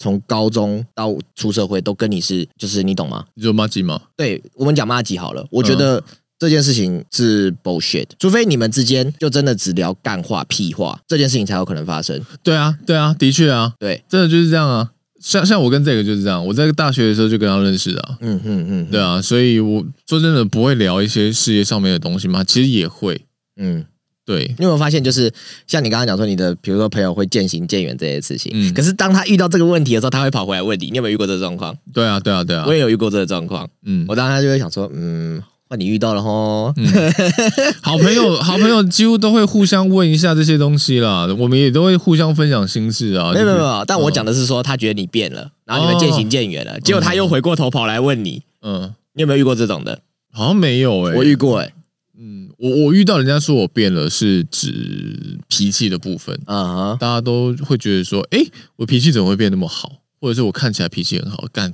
從高中到出社會都跟你是，就是你懂嗎？你就麻吉嗎？對，我們講麻吉好了。我覺得這件事情是 bullshit，嗯、除非你們之間就真的只聊幹話屁話，這件事情才有可能發生。對啊，對啊，的確啊，對，真的就是這樣啊。像像我跟這個就是這樣，我在大學的時候就跟他認識的，啊，嗯哼嗯嗯，對啊，所以我說真的不會聊一些事業上面的東西嘛，其實也會，嗯，對，你有沒有發現就是像你剛剛講說你的，比如說朋友會漸行漸遠這些事情，嗯，可是當他遇到這個問題的時候，他會跑回來問你，你有沒有遇過這個狀況？對啊，對啊，對啊，我也有遇過這個狀況，嗯，我當時就會想說，嗯。你遇到了吼、嗯， 好朋友，好朋友幾乎都會互相問一下這些東西啦。我們也都會互相分享心事啊。沒有沒有，嗯、但我講的是說，他覺得你變了，然後你們漸行漸遠了。結果他又回過頭跑來問你，嗯，你有沒有遇過這種的、嗯？嗯、好像沒有哎、欸，我遇過哎、欸。嗯，我我遇到人家說我變了，是指脾氣的部分啊。大家都會覺得說，哎，我脾氣怎麼會變那麼好？或者是我看起來脾氣很好，幹，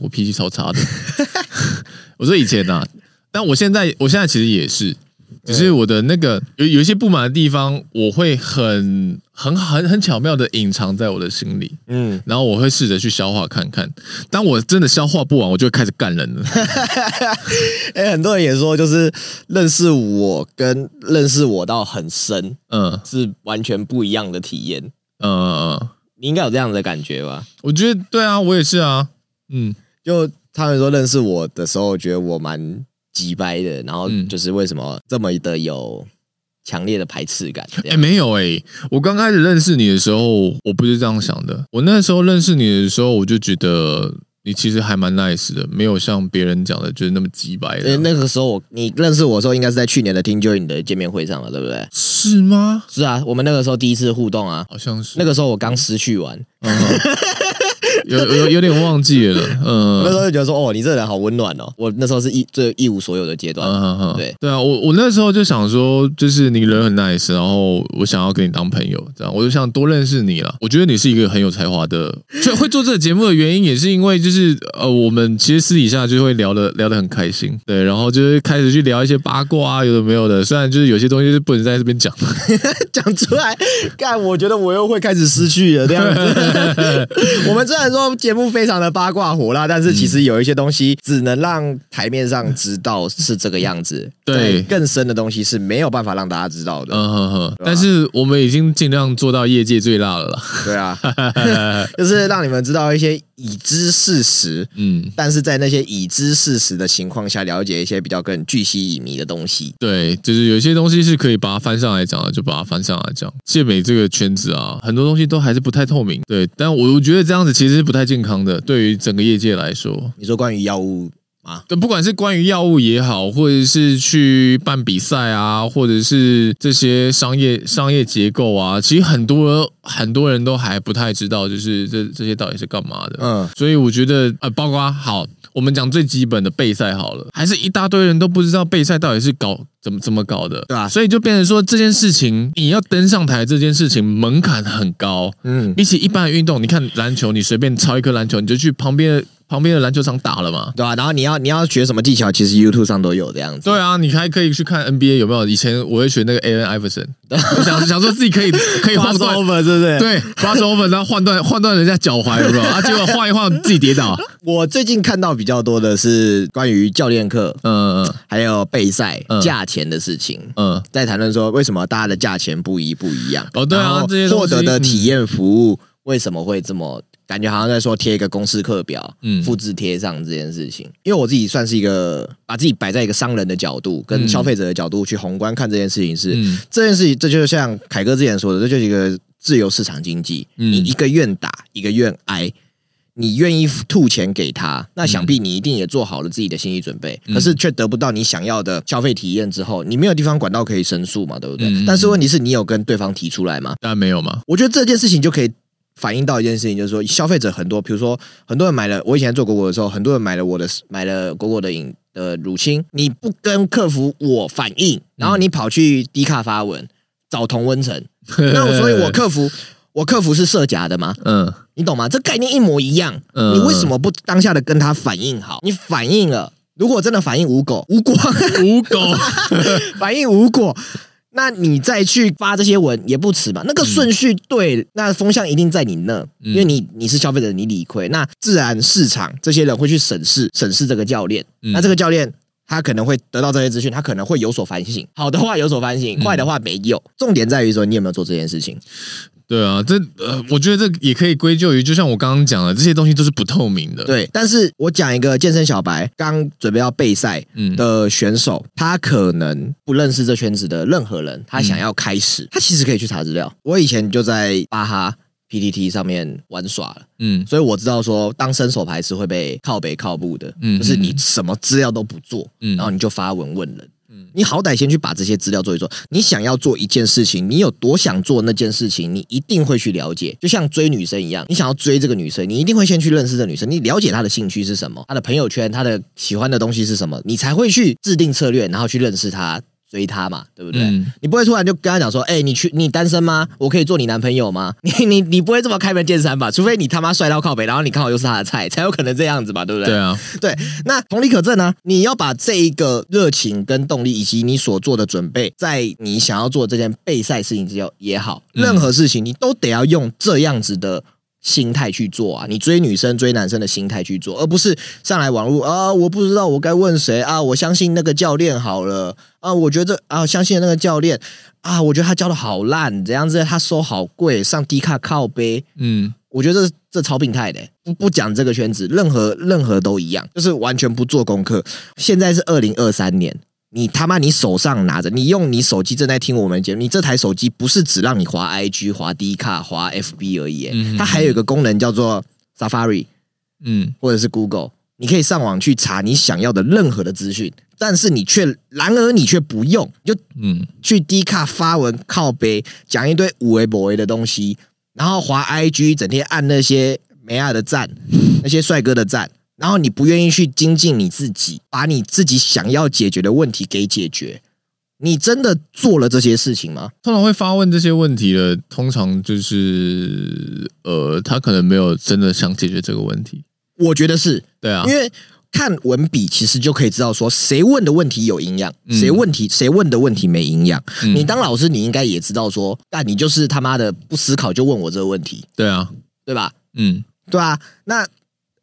我脾氣超差的。 我說以前呢、啊。但我現在，我現在其實也是，只是我的那個、嗯、有有一些不滿的地方，我會很很很很巧妙的隱藏在我的心裡，嗯，然後我會試着去消化看看。當我真的消化不完，我就會開始幹人了。哎、 欸，很多人也說，就是認識我跟認識我到很深，嗯，是完全不一樣的體驗，嗯嗯嗯，你應該有這樣的感覺吧？我覺得對啊，我也是啊，嗯，就他們說認識我的時候，我覺得我蠻機掰的，然後就是為什麼這麼的有強烈的排斥感？哎、欸，沒有哎、欸，我剛開始認識你的時候，我不是這樣想的。我那時候認識你的時候，我就覺得你其實還蠻 nice 的，沒有像別人講的就是、那麼機掰。所以，那個時候我你認識我的時候，應該是在去年的聽 Joy 你的見面會上了，對不對？是嗎？是啊，我們那個時候第一次互動啊，好像是那個時候我剛失去完。嗯嗯 有有有，有點忘記了，嗯，那時候就覺得說，哦，你這個人好溫暖哦。我那時候是一就一無所有的階段，啊、哈哈對對啊，我我那時候就想說，就是你人很 nice，然後我想要跟你當朋友，這樣我就想多認識你了。我覺得你是一個很有才華的，就會做這個節目的原因也是因為就是呃，我們其實私底下就會聊得聊得很開心，對，然後就是開始去聊一些八卦啊，有的沒有的，雖然就是有些東西是不能在這邊講講出來，幹 我覺得我又會開始失去了這樣子。 我們雖然說。節目非常的八卦火辣，但是其實有一些東西只能讓台面上知道是這個樣子。嗯、對，對，更深的東西是沒有辦法讓大家知道的。嗯哼哼、嗯嗯。但是我們已經盡量做到業界最辣了啦。對啊，就是讓你們知道一些已知事實。嗯，但是在那些已知事實的情況下，了解一些比較更巨細靡遺的東西。對，就是有些東西是可以把它翻上來講的，就把它翻上來講。健美這個圈子啊，很多東西都還是不太透明。對，但我我覺得這樣子其實。是不太健康的，對於整個業界來說。你說關於藥物嗎？對，不管是關於藥物也好，或者是去辦比賽啊，或者是這些商業商業結構啊，其實很多很多人都還不太知道，就是這這些到底是幹嘛的。嗯，所以我覺得呃，包括好。我們講最基本的備賽好了，還是一大堆人都不知道備賽到底是搞怎麼怎麼搞的，對吧？所以就變成說這件事情，你要登上台這件事情門檻很高。嗯，比起一般的運動，你看籃球，你隨便抄一顆籃球，你就去旁邊。旁邊的籃球場打了嘛，對吧、啊？然後你要你要學什麼技巧？其實 YouTube 上都有這樣子。對啊，你還可以去看 NBA 有沒有？以前我會學那個艾倫艾弗森， 想想說自己可以可以晃斷 over，是不是？ 對，晃斷 over，然後換斷換斷人家腳踝有沒有，好不好啊，結果晃一晃自己跌倒。 我最近看到比較多的是關於教練課，嗯嗯嗯，還有備賽價、嗯、錢的事情，嗯，在談論說為什麼大家的價錢不一不一樣？哦，對啊，這些獲得的體驗服務為什麼會這麼？感覺好像在說貼一個公司課表，嗯，複製貼上這件事情。因為我自己算是一個把自己擺在一個商人的角度，嗯、跟消費者的角度去宏觀看這件事情是、嗯、這件事情，這就是像凱哥之前說的，這就是一個自由市場經濟、嗯。你一個願打，一個願挨，你願意吐錢給他，那想必你一定也做好了自己的心理準備。嗯、可是卻得不到你想要的消費體驗之後，你沒有地方管道可以申訴嘛？對不對？嗯、但是問題是，你有跟對，對方提出來嗎？當然沒有嘛。我覺得這件事情就可以。反映到一件事情，就是說消費者很多，比如說很多人買了，我以前做果果的時候，很多人買了我的買了果果的飲的乳清，你不跟客服我反映，然後你跑去 Dcard 發文找同溫層、嗯，那所以我客服嘿嘿嘿，我客服是設假的嗎？嗯，你懂嗎？這概念一模一樣，你為什麼不當下的跟他反映好？你反映了，如果真的反映無果無果無果，反映無果。 那你再去發這些文也不遲吧？那個順序對，嗯，那風向一定在你那，嗯，因為你你是消費者，你理虧，那自然市場這些人會去審視審視這個教練，那這個教練。嗯他可能會得到這些資訊，他可能會有所反省。好的話有所反省，壞、嗯、的話沒有。重點在於說你有沒有做這件事情。對啊，這呃，我覺得這也可以歸咎於，就像我剛剛講的，這些東西都是不透明的。對，但是我講一個健身小白，剛準備要備賽的選手、嗯，他可能不認識這圈子的任何人，他想要開始，嗯、他其實可以去查資料。我以前就在巴哈，PTT 上面玩耍了，嗯，所以我知道說，當伸手牌是會被靠北靠母的，嗯，就是你什麼資料都不做，嗯，然後你就發文問人，嗯，你好歹先去把這些資料做一做。你想要做一件事情，你有多想做那件事情，你一定會去了解。就像追女生一樣，你想要追這個女生，你一定會先去認識這女生，你了解她的興趣是什麼，她的朋友圈，她的喜歡的東西是什麼，你才會去制定策略，然後去認識她。追他嘛，對不對？嗯、你不會突然就跟他講說，哎、欸，你去，你單身嗎？我可以做你男朋友嗎？你你你不會這麼開門見山吧？除非你他媽帥到靠北，然後你剛好又是他的菜，才有可能這樣子吧？對不對？對啊，對。那同理可證呢、啊，你要把這一個熱情跟動力，以及你所做的準備，在你想要做這件備賽事情之後也好，任何事情你都得要用這樣子的。心態去做啊！你追女生、追男生的心態去做，而不是上來網路，啊！我不知道我該問誰啊！我相信那個教練好了啊！我覺得啊，相信那個教練啊，我覺得他教的好爛，怎樣子？他收好貴，上 Dcard 靠杯，嗯，我覺得這這超病態嘞。不不講這個圈子，任何任何都一樣，就是完全不做功課。現在是二零二三年。你他媽！你手上拿着，你用你手機正在聽我們節目，你這台手機不是只讓你滑 IG、滑 D 卡、滑 FB 而已，它還有一個功能叫做 Safari，嗯，或者是 Google，你可以上網去查你想要的任何的資訊，但是你卻，然而你卻不用，就嗯，去 D 卡發文靠北，講一堆五維博維的東西，然後滑 IG，整天按那些沒愛的讚，那些帥哥的讚。然後你不願意去精進你自己，把你自己想要解決的問題給解決，你真的做了這些事情嗎？通常會發問這些問題的，通常就是呃，他可能沒有真的想解決這個問題。我覺得是，對啊，因為看文筆其實就可以知道說誰問的問題有營養，誰、嗯、問題誰問的問題沒營養、嗯。你當老師，你應該也知道說，那你就是他媽的不思考就問我這個問題，對啊，對吧？嗯，對啊，那。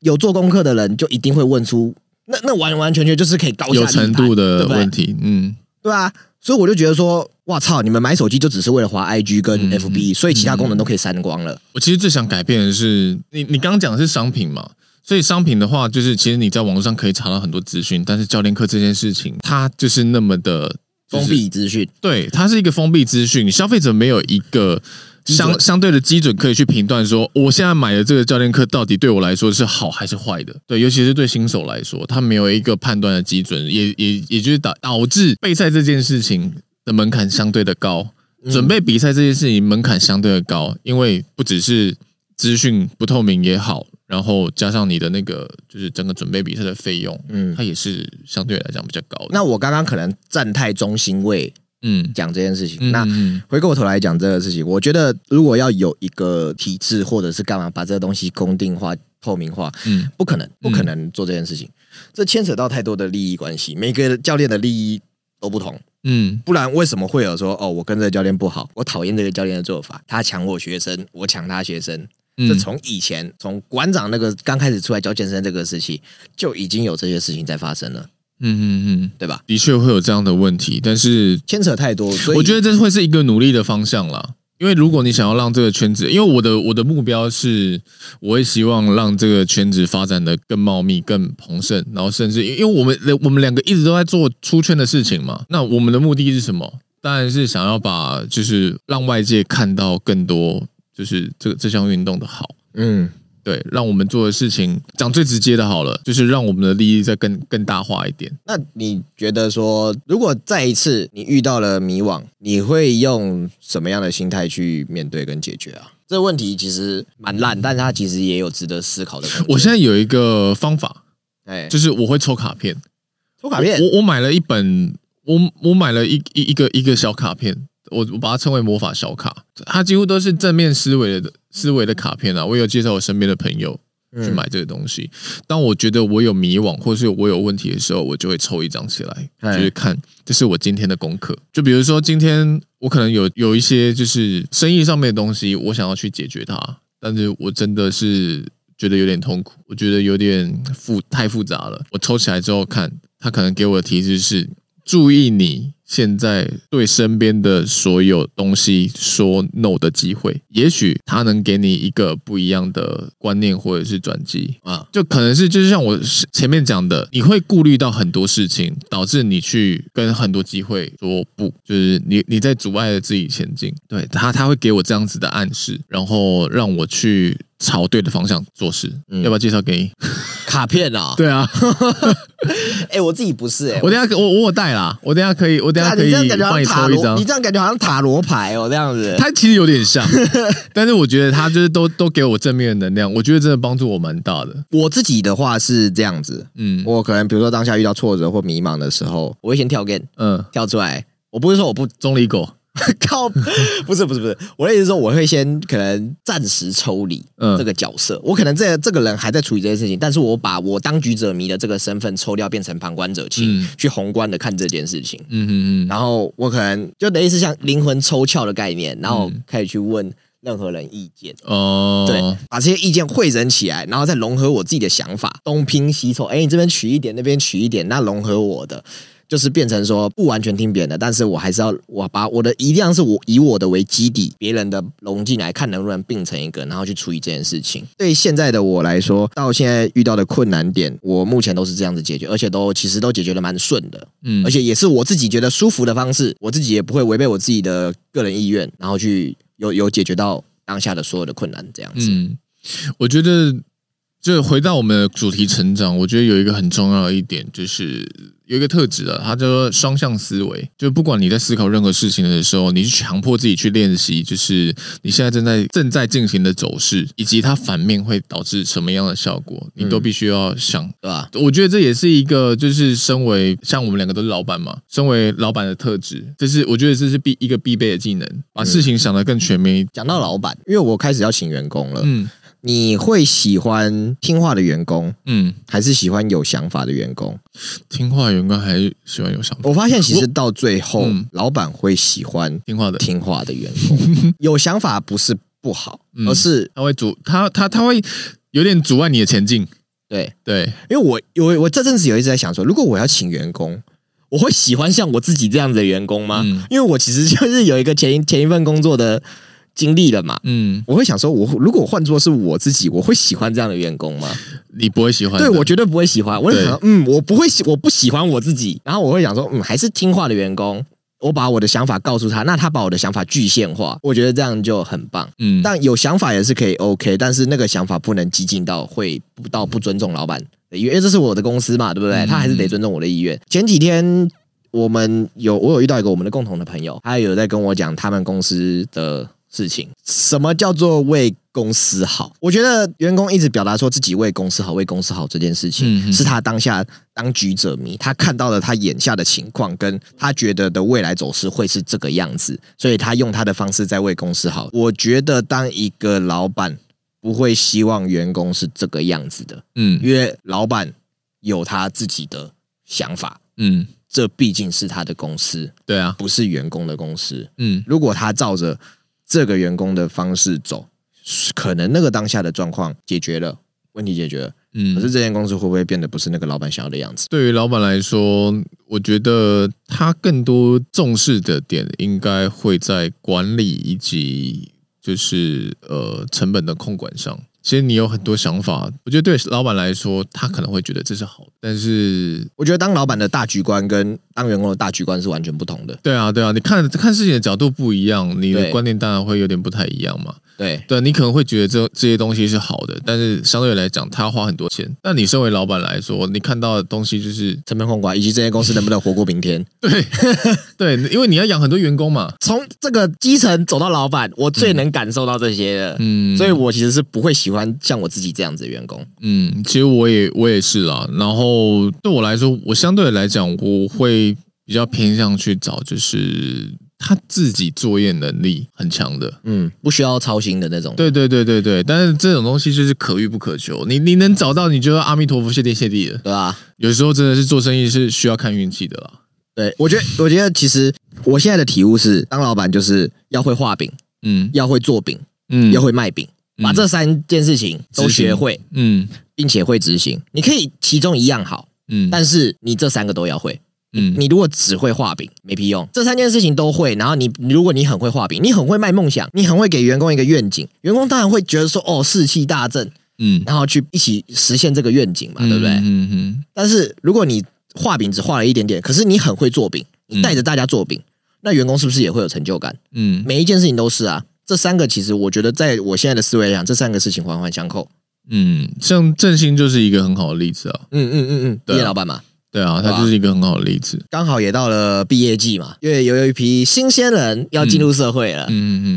有做功課的人就一定會問出，那那完完全全就是可以高三程度的問題。對對，嗯，對啊，所以我就覺得說，哇操，你們買手機就只是為了滑 IG 跟 FB，、嗯、所以其他功能都可以刪光了。嗯、我其實最想改變的是，你你剛剛講的是商品嘛，所以商品的話，就是其實你在網上可以查到很多資訊，但是教練課這件事情，它就是那麼的、就是、封閉資訊，對，它是一個封閉資訊，你消費者沒有一個，相相對的基準可以去評斷，說我現在買的這個教練課到底對我來說是好還是壞的？對，尤其是對新手來說，他沒有一個判斷的基準，也也也就是導導致備賽這件事情的門檻相對的高，準備比賽這件事情門檻相對的高，因為不只是資訊不透明也好，然後加上你的那個就是整個準備比賽的費用，嗯，它也是相對來講比較高的。那我剛剛可能站太中心位。嗯，講這件事情、嗯。那回過頭來講這個事情、嗯嗯，我覺得如果要有一個體制或者是幹嘛，把這個東西公定化、透明化，嗯，不可能，不可能做這件事情。嗯、這牽扯到太多的利益關係，每個教練的利益都不同，嗯，不然為什麼會有說哦，我跟這個教練不好，我討厭這個教練的做法，他搶我學生，我搶他學生？嗯、這從以前從館長那個剛開始出來教健身這個事情，就已經有這些事情在發生了。嗯嗯嗯，對吧？的確會有這樣的問題，但是牽扯太多，所以我覺得這會是一個努力的方向啦。因為如果你想要讓這個圈子，因為我的我的目標是，我會希望讓這個圈子發展得更茂密、更蓬盛，然後甚至因為因為我們我們兩個一直都在做出圈的事情嘛，那我們的目的是什麼？當然是想要把就是讓外界看到更多，就是這個這項運動的好，嗯。對，讓我們做的事情講最直接的，好了，就是讓我們的利益再更更大化一點。那你覺得說，如果再一次你遇到了迷惘，你會用什麼樣的心態去面對跟解決啊？這個問題其實蠻爛，但他其實也有值得思考的。我現在有一個方法，哎，就是我會抽卡片，抽卡片。我我買了一本，我我買了一一一個一個、嗯、小卡片。我我把它稱為魔法小卡，它幾乎都是正面思維的思維的卡片啊。我有介紹我身邊的朋友去買這個東西。當我覺得我有迷惘或是我有問題的時候，我就會抽一張起來，就是看這是我今天的功課。就比如說今天我可能有有一些就是生意上面的東西，我想要去解決它，但是我真的是覺得有點痛苦，我覺得有點複太複雜了。我抽起來之後看，他可能給我的提示是注意你。現在對身邊的所有東西說 no 的機會，也許他能給你一個不一樣的觀念或者是轉機啊，就可能是就是像我前面講的，你會顧慮到很多事情，導致你去跟很多機會說不，就是你你在阻礙了自己前進。對，他他會給我這樣子的暗示，然後讓我去。朝對的方向做事、嗯，要不要介紹給你？卡片啊、哦， 對啊。哎，我自己不是哎、欸，我等下我我有帶啦，我等下可以，我等下可以幫你抽一張。你這樣感覺好像塔羅牌哦、喔，這樣子。它其實有點像， 但是我覺得它就是都都給我正面的能量，我覺得真的幫助我蠻大的。我自己的話是這樣子，嗯，我可能比如說當下遇到挫折或迷茫的時候，我會先跳 game，嗯，跳出來。我不是說我不中立狗。 靠，不是不是不是，我的意思是說我會先可能暫時抽離這個角色，嗯、我可能這個、這個人還在處理這件事情，但是我把我當局者迷的這個身份抽掉，變成旁觀者清、嗯，去宏觀的看這件事情。嗯嗯嗯，然後我可能就等於是像靈魂抽竅的概念，然後開始去問任何人意見哦、嗯，對，把這些意見匯整起來，然後再融合我自己的想法，東拼西湊，哎、欸，你這邊取一點，那邊取一點，那融合我的。就是變成說不完全聽別人的，但是我還是要我把我的，一定要是我以我的為基底，別人的融進來，看能不能併成一個，然後去處理這件事情。對現在的我來說，嗯，到現在遇到的困難點，我目前都是這樣子解決，而且都其實都解決的蠻順的，嗯，而且也是我自己覺得舒服的方式，我自己也不會違背我自己的個人意願，然後去有有解決到當下的所有的困難這樣子。嗯，我覺得就回到我們的主題成長， 我覺得有一個很重要的一點就是。有一個特質啊，他叫做雙向思維，就不管你在思考任何事情的時候，你去強迫自己去練習，就是你現在正在正在進行的走勢，以及它反面會導致什麼樣的效果，你都必須要想，嗯、對吧？我覺得這也是一個，就是身為像我們兩個都是老板嘛，身為老板的特質，這、就是我覺得這是一必一個必備的技能，把事情想得更全面一點、嗯嗯。講到老板，因為我開始要請員工了，嗯。你會喜歡聽話的員工，嗯，還是喜歡有想法的員工？聽話員工還是喜歡有想法？我發現其實到最後，嗯，老板會喜歡聽話的聽話的員工。有想法不是不好，嗯，而是他會阻他他他會有點阻礙你的前進。對對，因為我我我這陣子有一直在想說，如果我要請員工，我會喜歡像我自己這樣子的員工嗎？嗯，因為我其實就是有一個前前一份工作的。經歷了嘛，嗯，我會想說，我如果換作是我自己，我會喜歡這樣的員工嗎？你不會喜歡？對，對，我絕對不會喜歡。我會想說，嗯，我不會喜，我不喜歡我自己。然後我會想說，嗯，還是聽話的員工，我把我的想法告訴他，那他把我的想法具現化，我覺得這樣就很棒。嗯，但有想法也是可以 OK，但是那個想法不能激進到會不到不尊重老闆，因為這是我的公司嘛，對不對？他還是得尊重我的意願。嗯、前幾天我們有我有遇到一個我們的共同的朋友，他有在跟我講他們公司的。事情，什麼叫做為公司好？我覺得員工一直表達說自己為公司好，為公司好這件事情、嗯嗯、是他當下當局者迷，他看到了他眼下的情況，跟他覺得的未來走勢會是這個樣子，所以他用他的方式在為公司好。我覺得當一個老闆不會希望員工是這個樣子的，嗯，因為老闆有他自己的想法，嗯，這畢竟是他的公司，對啊，不是員工的公司，嗯，如果他照着。這個員工的方式走，可能那個當下的狀況解決了，問題解決了，嗯，可是這間公司會不會變得不是那個老闆想要的樣子？對於老闆來說，我覺得他更多重視的點應該會在管理以及就是呃成本的控管上。其實你有很多想法，我覺得對老闆來說，他可能會覺得這是好的，但是我覺得當老闆的大局觀跟。當員工的大局觀是完全不同的，對啊，對啊，啊、你看看事情的角度不一樣，你的觀念當然會有點不太一樣嘛。對對，你可能會覺得這這些東西是好的，但是相對來講，他要花很多錢。但你身為老板來說，你看到的東西就是成本控管，以及這些公司能不能活過明天？ 對 對，因為你要養很多員工嘛。從這個基層走到老板，我最能感受到這些，嗯，所以我其實是不會喜歡像我自己這樣子的員工。嗯，其實我也我也是啦。然後對我來說，我相對來講我會。比較偏向去找，就是他自己作業能力很強的，嗯，不需要操心的那種。對對對對對，但是這種東西就是可遇不可求，你你能找到，你就阿彌陀佛，謝天謝地了，對吧？對啊，有時候真的是做生意是需要看運氣的啦。對，我覺得，我覺得其實我現在的體悟是，當老闆就是要會畫餅，嗯，要會做餅，嗯，要會賣餅，嗯，把這三件事情都學會，嗯，並且會執行。你可以其中一樣好，嗯，但是你這三個都要會。嗯，你如果只會畫餅沒屁用，這三件事情都會。然後你，你如果你很會畫餅，你很會賣夢想，你很會給員工一個願景，員工當然會覺得說哦，士氣大振，嗯，然後去一起實現這個願景嘛，嗯、對不對？嗯嗯，嗯。但是如果你畫餅只畫了一點點，可是你很會做餅，你帶着大家做餅、嗯，那員工是不是也會有成就感？嗯，每一件事情都是啊。這三個其實我覺得，在我現在的思維上，這三個事情環環相扣。嗯，像振興就是一個很好的例子啊。嗯嗯嗯嗯，店、嗯嗯啊、老板嘛。對啊，他就是一個很好的例子。剛好也到了畢業季嘛，因為有有一批新鮮人要進入社會了。嗯嗯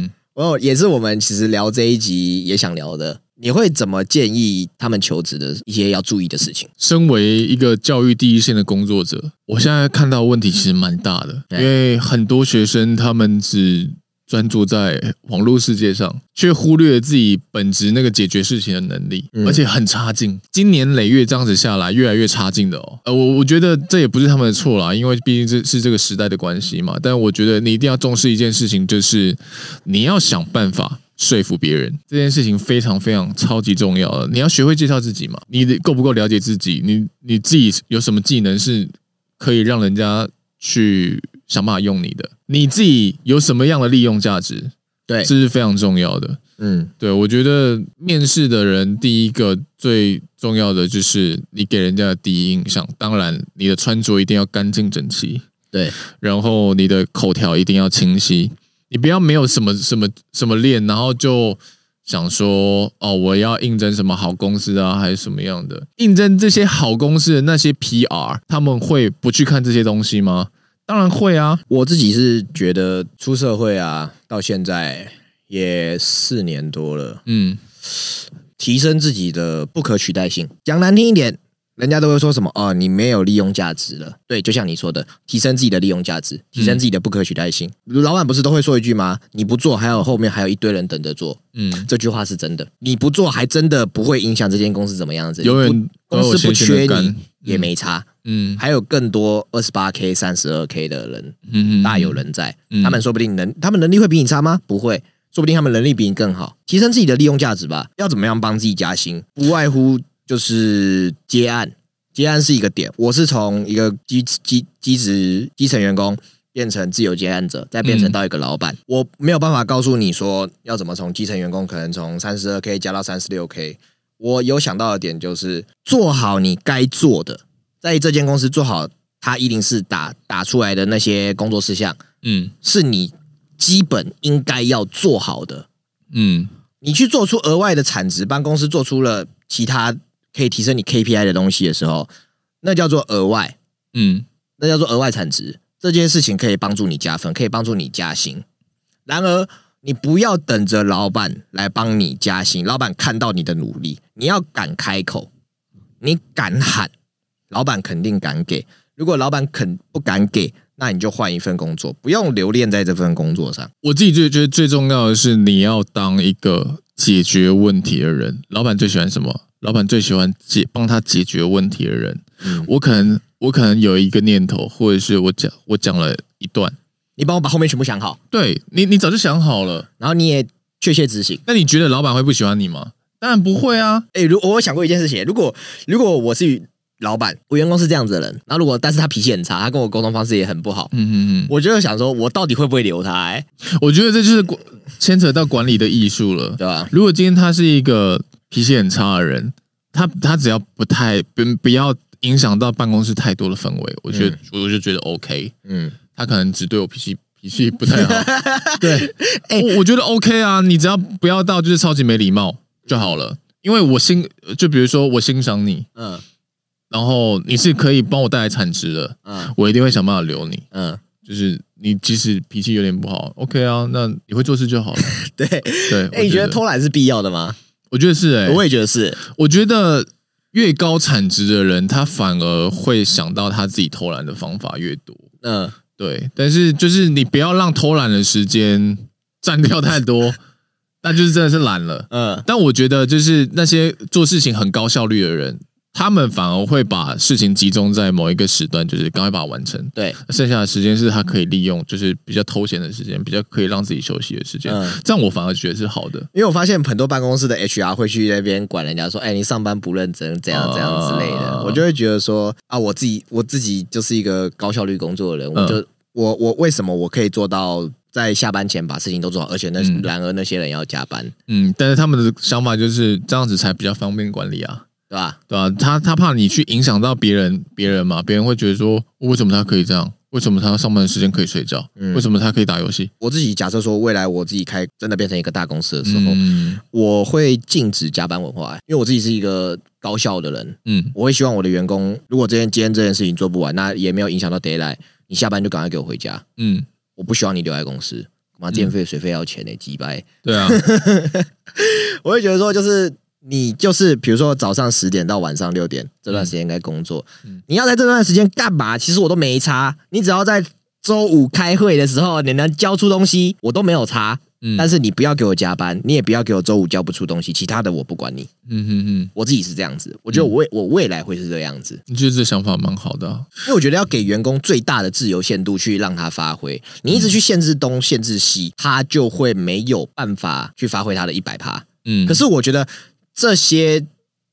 嗯，哦、嗯嗯，也是我們其實聊這一集也想聊的，你會怎麼建議他們求職的一些要注意的事情？身為一個教育第一線的工作者，我現在看到的問題其實蠻大的、嗯嗯，因為很多學生他們是。專注在網絡世界上，卻忽略了自己本職那個解決事情的能力，而且很差勁。經年累月這樣子下來，越來越差勁的哦。呃，我我覺得這也不是他們的錯啦，因為畢竟這是這個時代的關係嘛。但我覺得你一定要重視一件事情，就是你要想辦法說服別人，這件事情非常非常超級重要的。你要學會介紹自己嘛，你的夠不夠了解自己？你你自己有什麼技能是可以讓人家去？想辦法用你的，你自己有什麼樣的利用價值？對，這是非常重要的。嗯，對我覺得面試的人，第一個最重要的就是你給人家的第一印象。當然，你的穿着一定要乾淨整齊。對，然後你的口條一定要清晰。你不要沒有什麼什麼什麼練，然後就想說哦，我要應徵什麼好公司啊，還是什麼樣的？應徵這些好公司的那些 PR，他們會不去看這些東西嗎？當然會啊，我自己是覺得出社會啊，到現在也四年多了，嗯，提升自己的不可取代性，講難聽一點，人家都會說什麼哦，你沒有利用價值了。對，就像你說的，提升自己的利用價值，提升自己的不可取代性。嗯，老闆不是都會說一句嗎？你不做，還有後面還有一堆人等着做，嗯，這句話是真的。你不做，還真的不會影響這間公司怎麼樣子。因為公司不缺你。哦也沒差，嗯，還有更多二十八 K、三十二 K 的人，嗯，嗯，嗯，大有人在，嗯。他們說不定能，他們能力會比你差嗎？不會，說不定他們能力比你更好。提升自己的利用價值吧。要怎麼樣幫自己加薪？不外乎就是接案，接案是一個點。我是從一個基基基職基層員工變成自由接案者，再變成到一個老板。嗯，我沒有辦法告訴你說要怎麼從基層員工，可能從三十二 K 加到三十六 K。我有想到的點就是，做好你該做的，在這間公司做好它104打打出來的那些工作事項，嗯，是你基本應該要做好的，嗯，你去做出額外的產值，幫公司做出了其他可以提升你 KPI 的東西的時候，那叫做額外，嗯，那叫做額外產值，這件事情可以幫助你加分，可以幫助你加薪，然而。你不要等着老闆來幫你加薪，老闆看到你的努力，你要敢開口，你敢喊，老闆肯定敢給。如果老闆肯不敢給，那你就換一份工作，不用留戀在這份工作上。我自己最覺得最重要的是，你要當一個解決問題的人。老闆最喜歡什麼？老闆最喜歡解，幫他解決問題的人。嗯、我可能我可能有一個念頭，或者是我講我講了一段。你幫我把後面全部想好。對，你你早就想好了，然後你也確切執行。那你覺得老闆會不喜歡你嗎？當然不會啊。哎、嗯欸，如果我想過一件事情，如果如果我是老闆，我員工是這樣子的人，那如果但是他脾氣很差，他跟我溝通方式也很不好，嗯嗯嗯，我就想說，我到底會不會留他、欸？我覺得這就是牽扯到管理的藝術了， 對吧、啊？如果今天他是一個脾氣很差的人，他他只要不太不不要影響到辦公室太多的氛圍，我覺得、嗯、我就覺得 OK，嗯。他可能只對我脾氣脾氣不太好， 對，我、欸、我覺得 OK 啊，你只要不要到就是超級沒禮貌就好了，因為我欣就比如說我欣賞你，嗯，然後你是可以幫我帶來產值的，嗯，我一定會想辦法留你，嗯，就是你即使脾氣有點不好，OK 啊，那你會做事就好了，對對，哎、欸，你覺得偷懶是必要的嗎？我覺得是、欸，哎，我也覺得是，我覺得越高產值的人，他反而會想到他自己偷懶的方法越多，嗯。對，但是就是你不要讓偷懶的時間占掉太多， 那就是真的是懶了。嗯、呃，但我覺得就是那些做事情很高效率的人，他們反而會把事情集中在某一個時段，就是趕快把它完成。對，剩下的時間是他可以利用，就是比較偷閒的時間，比較可以讓自己休息的時間、嗯。這樣我反而覺得是好的，因為我發現很多辦公室的 HR 會去那邊管人家說：“哎、欸，你上班不認真，這樣這樣之類的。啊”我就會覺得說：“啊，我自己我自己就是一個高效率工作的人，我就、嗯、我我為什麼我可以做到在下班前把事情都做好，而且那、嗯、然而那些人要加班，嗯，但是他們的想法就是這樣子才比較方便管理啊。”對吧？對吧、啊？他他怕你去影響到別人，別人嘛，別人會覺得說，為什麼他可以這樣？為什麼他上班時間可以睡覺？嗯，為什麼他可以打遊戲？我自己假設說，未來我自己開真的變成一個大公司的時候，嗯、我會禁止加班文化、欸，因為我自己是一個高效的人。嗯，我會希望我的員工，如果這件今天這件事情做不完，那也沒有影響到 d a y l i h t，你下班就趕快給我回家。嗯，我不希望你留在公司，嘛電費水費要錢嘞、欸，嗯，幾百。對啊， 我會覺得說，就是。你就是比如說早上十點到晚上六點這段時間應該工作，你要在這段時間幹嘛？其實我都沒差，你只要在周五開會的時候，你能交出東西，我都沒有差。但是你不要給我加班，你也不要給我周五交不出東西，其他的我不管你。嗯哼哼，我自己是這樣子，我覺得我未我未來會是這樣子。你覺得這想法蠻好的，因為我覺得要給員工最大的自由限度去讓他發揮。你一直去限制東限制西，他就會沒有辦法去發揮他的一百趴。嗯，可是我覺得。這些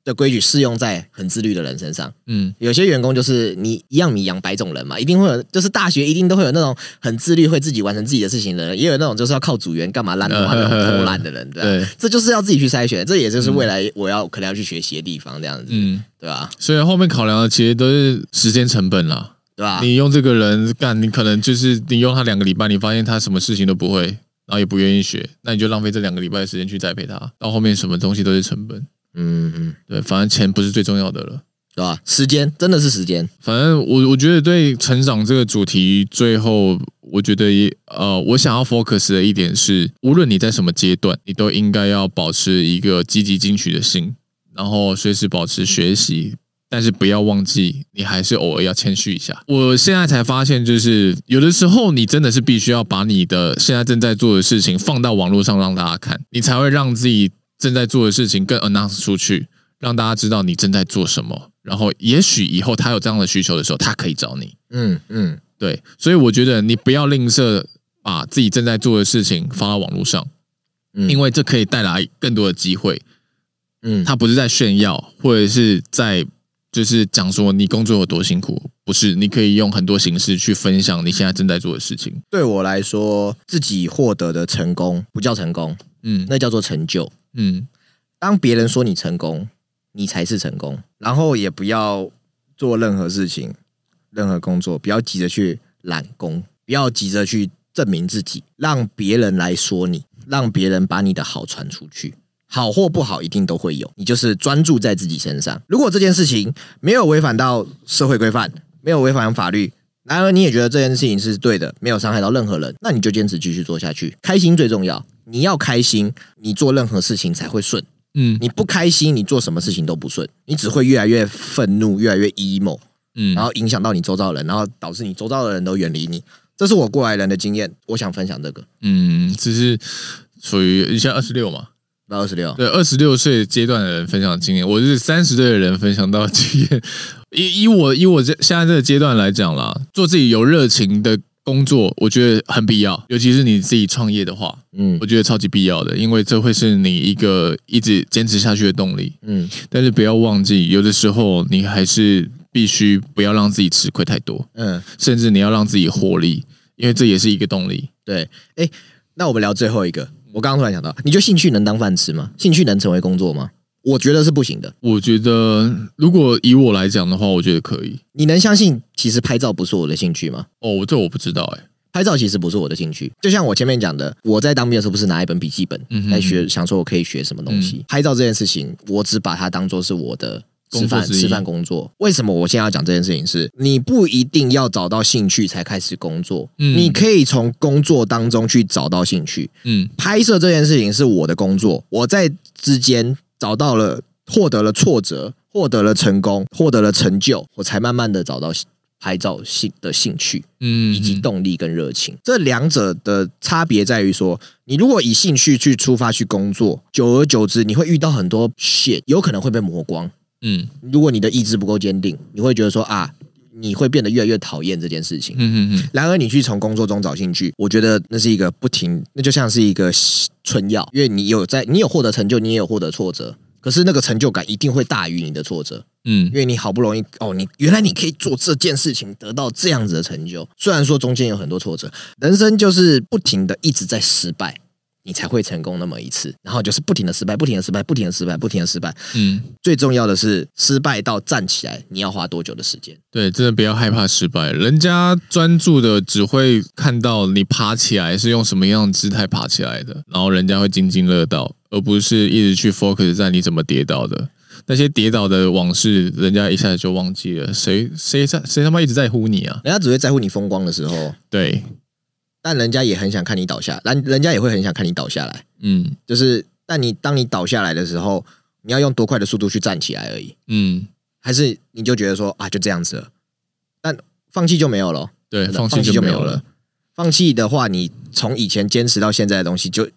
的規矩適用在很自律的人身上。嗯，有些員工就是你一樣，米養百種人嘛，一定會有，就是大學一定都會有那種很自律，會自己完成自己的事情的人，也有那種就是要靠組員幹嘛爛的，那種爛的人，嗯、對吧對？這就是要自己去篩選，這也就是未來我要、嗯、可能要去學習的地方，這樣子，嗯，對吧？所以後面考量的其實都是時間成本啦。對吧？你用這個人幹，你可能就是你用他兩個禮拜，你發現他什麼事情都不會。然後也不願意學，那你就浪費這兩個禮拜的時間去栽培他，到後面什麼東西都是成本，嗯嗯，對，反正錢不是最重要的了，對吧？時間真的是時間。反正我我覺得對成長這個主題，最後我覺得也呃，我想要 focus 的一點是，無論你在什麼階段，你都應該要保持一個積極進取的心，然後隨時保持學習。嗯但是不要忘記，你還是偶爾要謙虛一下。我現在才發現，就是有的時候你真的是必須要把你的現在正在做的事情放到網絡上讓大家看，你才會讓自己正在做的事情更 announce 出去，讓大家知道你正在做什麼。然後，也許以後他有這樣的需求的時候，他可以找你嗯。嗯嗯，對。所以我覺得你不要吝嗇把自己正在做的事情放到網絡上，因為這可以帶來更多的機會。嗯，他不是在炫耀，或者是在。就是講說你工作有多辛苦，不是，你可以用很多形式去分享你現在正在做的事情。對我來說，自己獲得的成功不叫成功，嗯，那叫做成就，嗯。當別人說你成功，你才是成功。然後也不要做任何事情，任何工作，不要急着去攬功，不要急着去證明自己，讓別人來說你，讓別人把你的好傳出去。好或不好，一定都會有。你就是專注在自己身上。如果這件事情沒有違反到社會規範，沒有違反法律，然而你也覺得這件事情是對的，沒有傷害到任何人，那你就堅持繼續做下去。開心最重要，你要開心，你做任何事情才會順。嗯，你不開心，你做什麼事情都不順，你只會越來越憤怒，越來越 emo。嗯，然後影響到你周遭的人，然後導致你周遭的人都遠離你。這是我過來人的經驗，我想分享這個。嗯，這是屬於一下二十六嘛？百二十六，對，二十六歲階段的人分享經驗，我是三十歲的人分享到經驗。 以我以我以我這現在這個階段來講啦，做自己有熱情的工作，我覺得很必要。尤其是你自己創業的話，嗯，我覺得超級必要的，因為這會是你一個一直堅持下去的動力。嗯，但是不要忘記，有的時候你還是必須不要讓自己吃虧太多。嗯，甚至你要讓自己獲利，因為這也是一個動力。對，哎、欸，那我們聊最後一個。我剛剛突然想到，你覺得興趣能當飯吃嗎？興趣能成為工作嗎？我覺得是不行的。我覺得如果以我來講的話，我覺得可以。你能相信其實拍照不是我的興趣嗎？哦，這我不知道誒、欸、拍照其實不是我的興趣，就像我前面講的，我在當兵的時候不是拿一本筆記本來學、嗯，想說我可以學什麼東西、嗯。拍照這件事情，我只把它當做是我的。吃飯吃飯工作，為什麼我現在要講這件事情是？是你不一定要找到興趣才開始工作，嗯，你可以從工作當中去找到興趣。嗯，拍攝這件事情是我的工作，我在之間找到了獲得了挫折，獲得了成功，獲得了成就，我才慢慢的找到拍照興的興趣，嗯、嗯，以及動力跟熱情。嗯嗯，這兩者的差別在於說，你如果以興趣去出發去工作，久而久之，你會遇到很多 shit，有可能會被磨光。嗯，如果你的意志不夠堅定，你會覺得說啊，你會變得越來越討厭這件事情。嗯嗯嗯。然而，你去從工作中找興趣，我覺得那是一個不停，那就像是一個春藥，因為你有在，你有獲得成就，你也有獲得挫折。可是那個成就感一定會大於你的挫折。嗯，因為你好不容易哦，你原來你可以做這件事情，得到這樣子的成就，雖然說中間有很多挫折，人生就是不停的一直在失敗，你才會成功那麼一次，然後就是不停的失敗，不停的失敗，不停的失敗，不停的失，失敗。嗯，最重要的是失敗到站起來，你要花多久的時間？對，真的不要害怕失敗。人家專注的只會看到你爬起來是用什麼樣的姿態爬起來的，然後人家會津津樂道，而不是一直去 focus 在你怎麼跌倒的，那些跌倒的往事，人家一下子就忘記了。誰誰在誰他媽一直在乎你啊？人家只會在乎你風光的時候。對。但人家也很想看你倒下，人人家也會很想看你倒下來。嗯，就是，但你當你倒下來的時候，你要用多快的速度去站起來而已。嗯，還是你就覺得說啊，就這樣子了。但放棄就沒有了。對，放棄就沒有了。放棄的話，你從以前堅持到現在的東西，就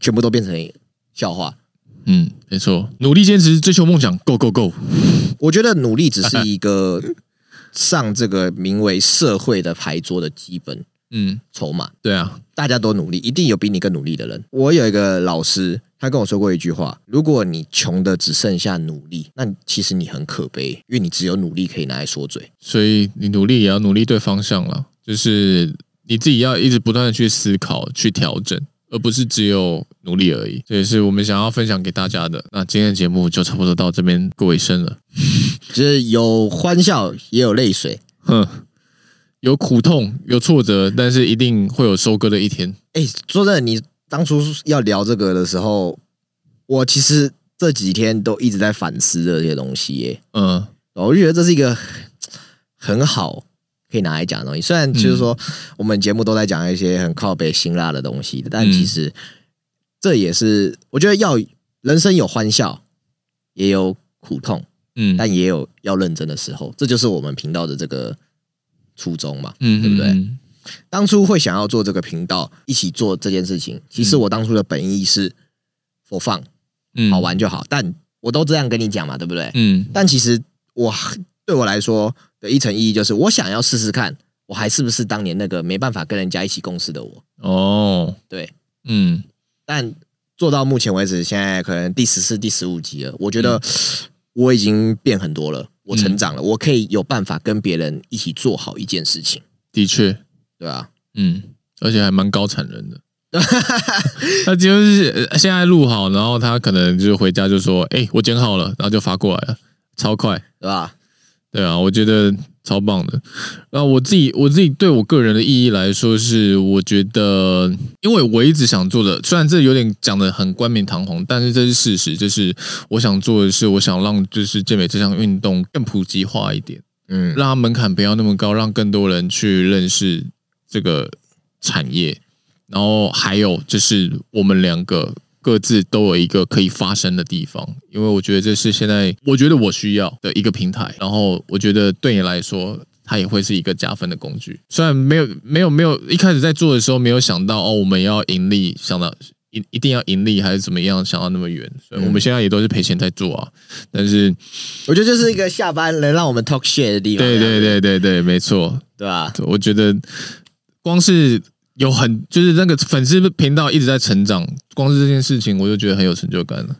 全部都變成笑話。嗯，沒錯，努力堅持追求夢想，Go Go Go！ 我覺得努力只是一個上這個名為社會的牌桌的基本。嗯，籌碼對啊，大家都努力，一定有比你更努力的人。我有一個老師，他跟我說過一句話：如果你窮得只剩下努力，那其實你很可悲，因為你只有努力可以拿來說嘴。所以你努力也要努力對方向了，就是你自己要一直不斷地去思考、去調整，而不是只有努力而已。這也是我們想要分享給大家的。那今天的節目就差不多到這邊尾聲了， 就是有歡笑也有淚水。哼。有苦痛，有挫折，但是一定會有收割的一天。哎、欸，說真的，你當初要聊這個的時候，我其實這幾天都一直在反思這些東西、欸。耶，嗯，我就覺得這是一個很好可以拿來講的東西。雖然就是說我們節目都在講一些很靠北辛辣的東西、嗯，但其實這也是我覺得要人生有歡笑，也有苦痛，嗯，但也有要認真的時候。這就是我們頻道的這個。初衷嘛，嗯對不對、嗯？當初會想要做這個頻道，一起做這件事情。其實我當初的本意是，for fun，嗯，好玩就好。但我都這樣跟你講嘛，對不對？嗯。但其實我對我來說的一層意義，就是我想要試試看，我還是不是當年那個沒辦法跟人家一起共事的我？哦，對，嗯。但做到目前為止，現在可能第十四、第十五集了。我覺得。嗯我已經變很多了，我成長了，嗯、我可以有辦法跟別人一起做好一件事情。的確，對啊，嗯，而且還蠻高產人的。 他就是現在錄好，然後他可能就是回家就說：“哎、欸，我剪好了，然後就發過來了，超快，對吧、啊？”對啊，我覺得。超棒的，那我自己我自己對我個人的意義來說是，我覺得，因為我一直想做的，雖然這有點講的很冠冕堂皇，但是這是事實，就是我想做的是，我想讓就是健美這項運動更普及化一點，嗯，讓它門檻不要那麼高，讓更多人去認識這個產業，然後還有就是我們兩個各自都有一個可以發聲的地方，因為我覺得這是現在我覺得我需要的一個平台。然後我覺得對你來說，它也會是一個加分的工具。雖然沒有沒有沒有一開始在做的時候沒有想到哦，我們要盈利，想到一一定要盈利還是怎麼樣，想到那麼遠。所以我們現在也都是賠錢在做啊。但是我覺得這是一個下班能讓我們 talk shit 的地方。對對對對對，沒錯，對吧、啊？我覺得光是。有很就是那個粉絲頻道一直在成長，光是這件事情我就覺得很有成就感了。